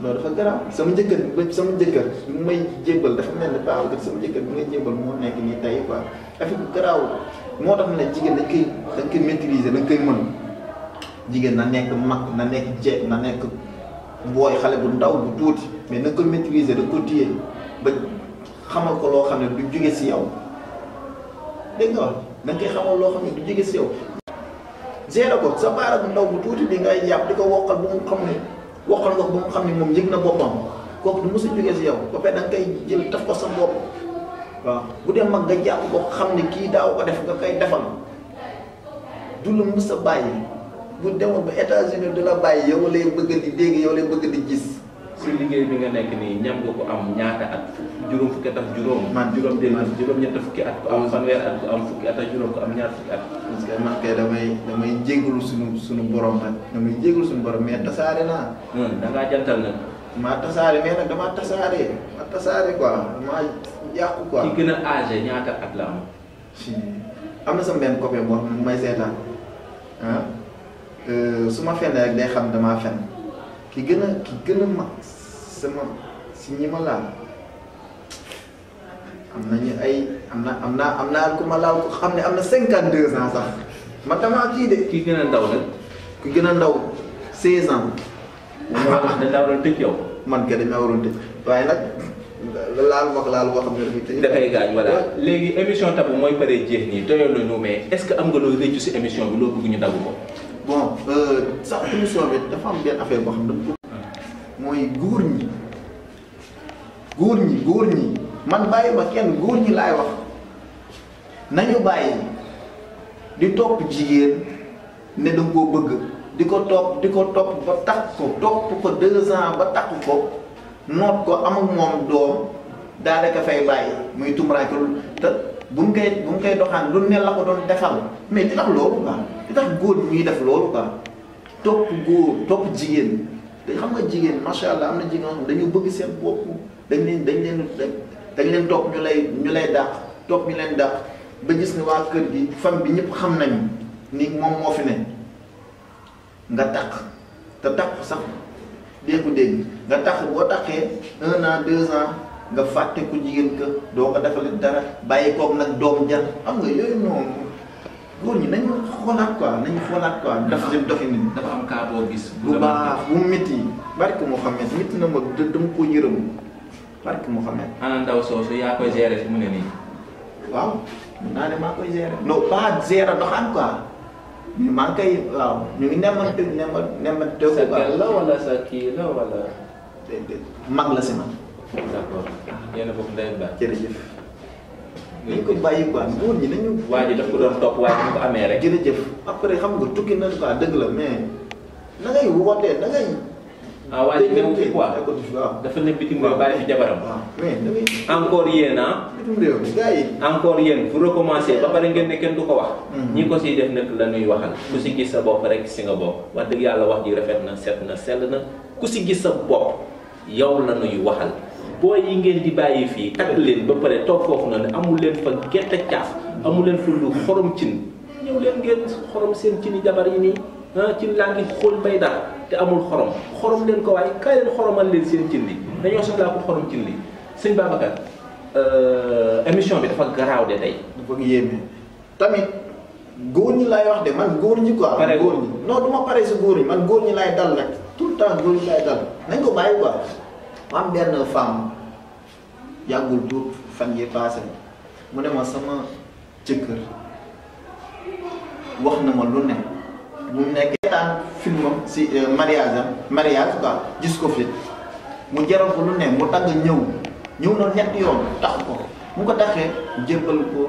loolu dafa garaaw sama jëkkër bi mu may jébbal dafa mel ni paaw sama jëkkër bi may jébbal moo nekk nii tey quoi affaire bu garaaw moo tax ne jigéen dañ koy dañ koy maîtriser dañ koy mën jigéen na nekk mag na nekk jeeg na nekk booy xale bu ndaw bu tuuti mais na ko maîtriser da ko téye ba xamal ko loo xam ne du jóge si yow dégg nga wax da nga koy xamal loo xam ne du jóge si yow. gérer ko sa baara bu ndaw bu tuuti bi ngay yàpp di ko wokkal bu mu xam ne. waxal nga ba mu xam ne moom yëg na boppam kooku du mos a jógee si yow ba pare da nga jël taf ko sa bopp waaw bu dem mag nga jàpp ko xam ne kii daaw ko def nga koy defal du lu mos a bàyyi bu demoon ba États-Unis du la bàyyi yow lay bëgg di dégg yow lay bëgg di gis. si liggéey bi nga nekk nii ñam nga ko am ñaata at juróom fukki at ak juróom. man juróom benn juróom ñett fukki at ko am fanweer at ko am fukki at ak juróom ko am ñaar fukki at. parce que man kay damay damay jégalu suñu suñu borom nag damay jégalu suñu borom mais tasaare naa. da ngaa jantal nag. maa tasaare mais nag damaa tasaare ma tasaare quoi yàqu quoi. ki gën a âgé ñaata at la am. am na sama benn copain boo xam ne may seetaan ah su ma fenn rek day xam damaa fenn ki gën a ki gën a mag. sama si ñi ma laal am nañu ay am na am naa am naa ku ma laal xam ne am na cinquante deux ans sax ma man damaa kii de. kii gën a ndaw nag. ku gën a ndaw seize ans. dañ laa waroon tëj yow. man kay dañ laa waroon tëj waaye nag laal wax laal boo xam ne dafay tëj. gaañ voilà léegi émission tabu mooy pare jeex nii doyal nañu mais est-ce que am nga loo rëccu si émission bi loo bëgg ñu dagu ko. bon euh, sax émission bi dafa am benn affaire boo xam ne. mooy góor ñi góor ñi góor ñi man bàyyi ma kenn góor ñi laay wax nañu bàyyi di topp jigéen ne danga koo bëgg di ko topp di ko topp ba takk ko topp ko deux ba takk ko noot ko am ak moom doom daanaka fay bàyyi muy tumuraanke lu te bu mu koy bu mu koy doxaan lu ne la ko doon defal mais di tax loolu quoi di tax góor ñuy def loolu quoi topp góor topp jigéen xam nga jigéen macha allah am na jigéen xam dañu bëgg seen bopp dañ leen dañ leen dañ leen topp ñu lay ñu lay dàq topp ñu leen dàq ba gis ne waa kër gi fan bi ñëpp xam nañu ni moom moo fi ne nga takk te takk sax dégg dégg nga takk boo takkee naa an deux nga fàtte ku jigéen ka doo ko defal dara bàyyi kook nag doom jar xam nga yooyu noonu. góor ñi nañu xoolaat quoi nañu xoolaat quoi. dafa am doxalin dafa am cas boo gis. bu baax bu barke Mouhamed métti na ma dama ko yërëm barke Mouhamed. ana ndaw soosu yaa koy gérer fi mu ne nii. waaw mun naa ne maa koy gérer. non pas gérer doxaan quoi. mais maa ngi koy waaw ñu ngi nemat nemat nemat teew. sa gàll mag la si man. d'accord ah, yéen a bokk ba. nañu bàyyi quoi nguur ñi nañu. waa ji daf ko doon topp waaye ñu ko amee rek. jërëjëf après xam tukki na quoi dëgg la mais na ngay wootee na ah, waa ji même quoi dafa ne bitim réew bàyyi fi jabaram. encore yéen ah. bitim réew encore yéen bu recommencé ba pare ngeen ne kenn du ko wax. Hmm. ñi ko si def nag la ñuy waxal. ku si gis sa bopp rek si nga bopp waa dëgg yàlla wax ji rafet na set na sel na ku si gis sa bopp yow la ñuy waxal. booy yi ngeen di bàyyi fii takk leen ba pare toog foofu noonu amul leen fa gerte caaf amul leen fa lu xorom cin ñëw leen ngeen xorom seen cini jabar yi nii ah, cin laa ngi xool bay dara te amul xorom xorom leen ko waaye kaay leen xoromal leen seen cin li dañoo soxlaa ko xorom cin li sëñ Babacar euh, émission bi dafa garaaw de tey dafa yéeme tamit góor ñi lay wax de man góor ñi quoi pare góor ñi non du ma pare si góor ñi man góor ñi lay dal nag tout le temps góor ñi lay dal nañ ko bàyyi quoi ma am benn femme yàggul du fan yi passé mu dema ma sama jëkkër wax na ma lu ne mu nekk taan filmam si euh, mariage am mariage quoi gis ko fi mu jaral ko lu ne mu tagg ñëw ñëw na ñetti yoon tax ko mu ko taxee jébbal ko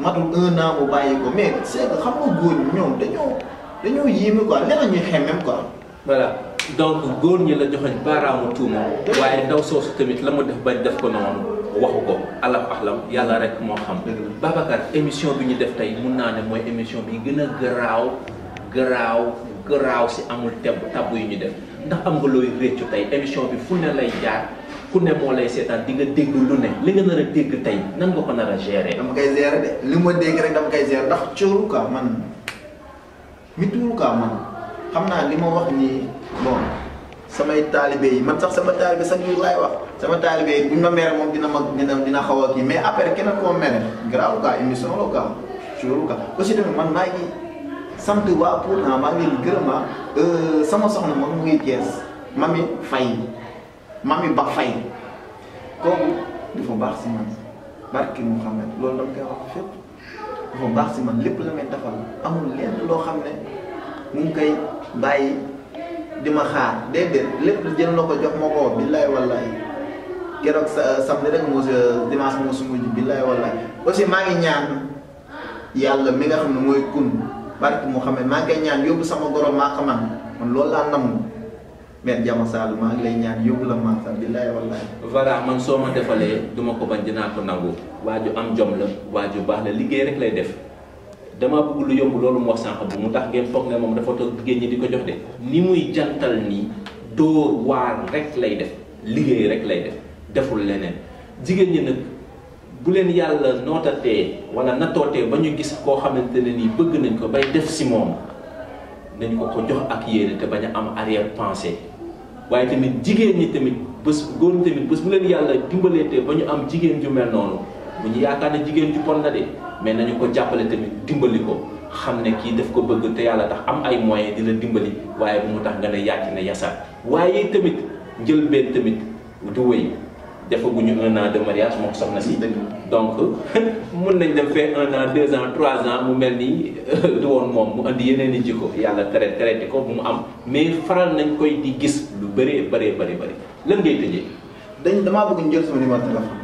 matul un an mu bàyyi ko mais c'est xam nga góor ñi ñoom dañoo dañoo yéeme quoi leneen ñuy xemmeem quoi voilà donc góor ñi la joxoñ baaraamu tuuma waaye ndaw soosu tamit la ma def bañ def ko noonu waxu ko allahu ahlam yàlla rek moo xam Babacar émission bi ñu def tey mun naa ne mooy émission bi gën a garaaw garaaw garaaw si amul teb tabu yu ñu def ndax am nga looy réccu tey émission bi fu ne lay jaar ku ne moo lay seetaan di nga dégg lu ne li nga nar a dégg tey nan nga ko nar a gérer dama koy gérer de li ma dégg rek dama koy gérer ndax cóoru quoi man mi tuuru man xam naa li ma wax nii bon samay taalibe yi man sax sama taalibe sax ñu laay wax sama taalibe yi buñ ma mere moom dina ma dina dina xaw a kii mais après keneen koo mere grave quoi émission la quoi toujours quoi man maa ngi sant waa Pouna ah, maa ngi leen di gërëm ah, euh, sama soxna gees mu ngi fay mami Faye mami Ba Faye kooku dafa baax si man barki Mouhamed loolu dama koy wax fépp dafa baax si man lépp la may defal amul lenn loo xam ne mu ngi bàyyi di ma xaar déedéet lépp jël na ko jox ma ko billaay wallaay keroog sa euh, samedi rek moo euh, dimanche moo su mujj billaay wallaay aussi maa ngi ñaan yàlla mi nga xam ne mooy kun barke mu xam ne maa ngi koy ñaan yóbbu sama gorom maa xaman man loolu laa namm mais Jama Sall maa ngi lay ñaan yóbbu la maa xam billaay wallaay. voilà man soo ma defalee duma ko bañ dinaa ko nangu waa am jom la waa ju baax la liggéey rek lay def. damaa bëgg lu yomb loolu moo wax sànq bu mu tax ngeen foog ne moom dafa toog jigéen ñi di ko jox de ni muy jantal nii dóor waar rek lay def liggéey rek lay def deful leneen jigéen ñi nag bu leen yàlla nootatee wala nattootee ba ñu gis koo xamante ne nii bëgg nañ ko bay def si moom nañ ko ko jox ak yéene te bañ a am arrière pensée waaye tamit jigéen ñi tamit bés góor ñi tamit bés bu leen yàlla dimbaleetee ba ñu am jigéen ju noonu bu ñu yaakaar ne jigéen ju bon na de mais nañu ko jàppale tamit dimbali ko xam ne kii daf ko bëgg te yàlla tax am ay moyens di la dimbali waaye bu mu tax nga ne yàcc na yasar waaye tamit njëlbeen tamit du wéy defaguñu un an de mariage moo soxna si. donc mun nañ dem fee un an deux ans trois ans mu mel ni du woon moom mu indi yeneen ji ko yàlla tere tere ko bu mu am mais faral nañ koy di gis lu bëree bëree bëri bëri lan ngay tëjee. dañ damaa bëgg ñu jël sama numéro téléphone.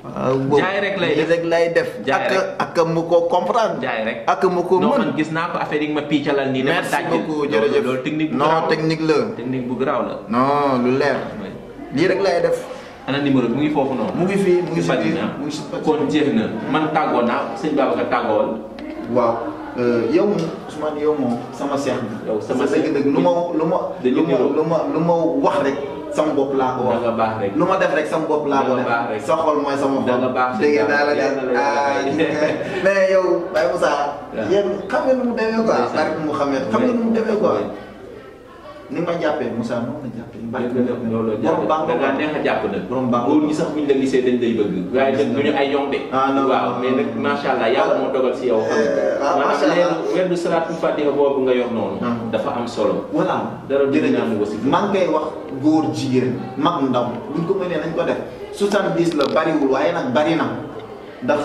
Ah, jaay rek lay def rek lay def. jaay rek ak ak mu ko comprendre. jaay rek ak mu ko man gis naa ko affaire yi ma piicalal nii. dama tàjjil merci beaucoup jërëjëf loolu technique. non technique la technique bu garaaw la. non lu leer. lii rek lay def. ana numéro bi mu ngi foofu noonu. mu ngi fii mu ngi si kon jeex na man tàggoo naa sëñ Babacar tàggoowal. waaw euh, yow moom Ousmane yow moom sama seex bi. yow sama seex bi dëgg-dëgg lu ma lu ma. lu ma lu ma wax rek. sama bopp laa ko wax. baax rek lu ma def rek sama bopp laa ko def. sa xol mooy sama xol. baax dégg naa la de mais yow Baye Moussa. yéen xam nga nu mu demee quoi. parce que mu xam nga nu mu demee quoi. ni ma jàppee Moussa moom la jàppee. mbàkk bi loolu la jàppee da neex a jàpp borom baax góor ñi sax buñ la dañ lay bëgg. ay ah non waaw mais allah yàlla ya, eh, moo dogal si yow. ah macha allah maanaam leer du fatiha boobu nga yor noonu. Nah. dafa am solo. voilà dara dina ñaan aussi. maa ngi koy wax mag buñ ko nañ ko def 70 la bari na ndax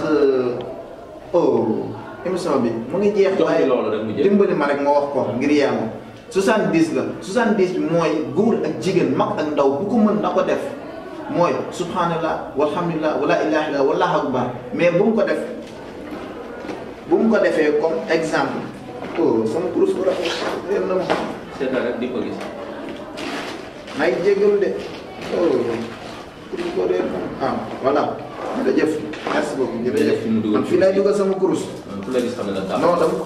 oh émission bi mu ngi jeex. waaye dimbali ma rek wax ko ngir bis la 70 bi mooy góor ak jigéen mag ak ndaw bu ko mën na ko def mooy subhanallah walhamdulillah wala ilaha illallah wallahu akbar mais bu mu ko def bu mu ko defee comme exemple oh kurus bu rafet réer na ma di ko gis may jégalu de oh kurus ko réer na ah voilà jërëjëf merci beaucoup jërëjëf man fii sama kurus la gis xam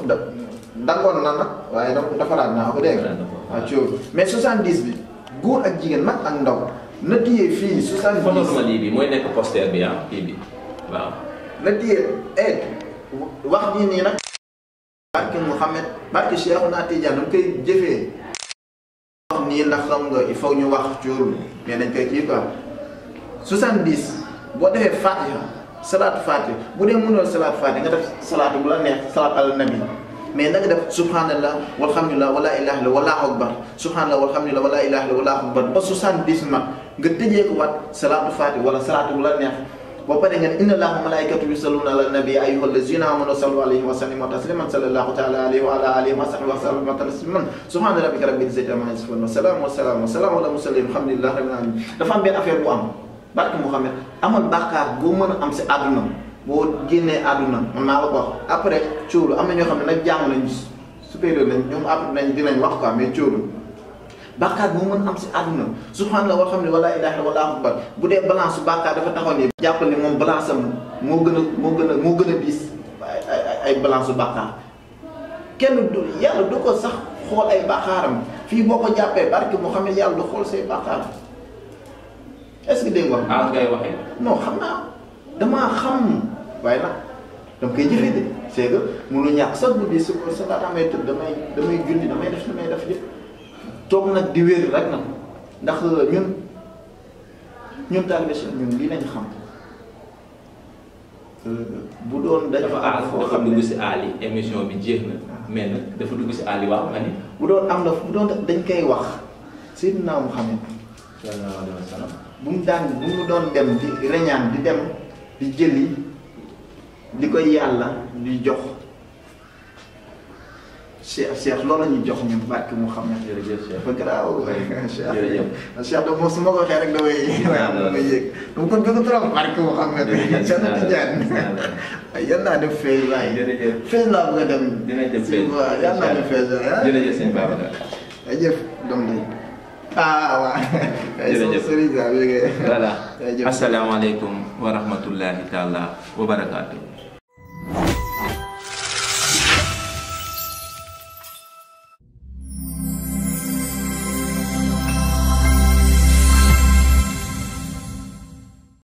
ne d'accord na nak waye nak defaraat na ko deg a ciou mais 70 bi goor ak jigen mak ak ndaw na tiyé fi 70 photo sama li bi moy nek poster bi ya ah, bi bi waaw na tiyé eh wax ni ni nak barke muhammad barke cheikhuna tidiane kay jëfé wax ni ndax xam nga il faut ñu wax ciou mais dañ koy ci quoi 70 bo defé fatiha salat fatiha bu dé mënul salat fatiha nga def salat bu la neex salat al nabi mais na nga def subhanallah walhamdulillah wala ilaha illa wallahu akbar subhanallah walhamdulillah wala ilaha illa wallahu akbar ba soixante-dix ma nga tëjee ko waat salaatu faati wala salaatu bu la neex ba pare nga ne inna allaha malaikatu yusalluna ala nabi ya ayyuha allazina amanu sallu alayhi wa sallimu tasliman sallallahu taala alayhi wa ala alihi wa sahbihi wa sallam tasliman subhana rabbika rabbil izzati amma yasifun wa salaam wa salaam wa salaam ala mursalin alhamdulillahi rabbil alamin dafa am benn affaire bu am barke Muhammad amal bàkkaar boo mën a am si àdduna boo génnee àdduna man maa la ko wax après cóolu am na ñoo xam ne nag jàng nañ supérieur nañ ñoom après nañ dinañ wax quoi mais cóolu bàkkaar bu mën am si àdduna subhanallah wal hamdu wala ilaha wala akbar bu dee balance su bàkkaar dafa taxaw ni jàppal ni moom balance am moo gën a moo gën a moo gën a biis ay ay balance su bàkkaar kenn du yàlla du ko sax xool ay bàkkaaram fii boo ko jàppee barke moo xam ne yàlla du xool say bàkkaar est-ce que dégg nga wax. ah ngay waxee. non xam naa damaa xam. waaye nag dama koy jëfee de c'est que mënu ñàkk sax bu di su ko sa laata tëdd damay damay julli damay def damay def lépp toog nag di wér rek nag ndax ñun ñun taalibe ñun lii lañ xam bu doon dañu am foo xam ne dafa dugg si aal yi émission bi jeex na mais nag dafa dugg si aal yi waaw ma bu doon am na bu doon dañ koy wax Seydina Muhammad sallallahu alayhi wa sallam bu mu daan bu mu doon dem di reñaan di dem di jëli li koy yàlla di jox cheikh cheikh la ñuy jox ñun barke mu xam ne. jërëjëf cheikh ba garaaw. jërëjëf ma ko waxee rek damay damay yëg dama ko dugg trop barke mu xam ne. naa def feeñ waay. jërëjëf feeñ laa bëgg a dem. dina dem feeñ waaw yal naa def feeñ waay. Ah. jërëjëf sëñ Babacar. jërëjëf bi ah waaw. jërëjëf sëriñ Ba voilà asalaamaaleykum wa wa barakaatu. you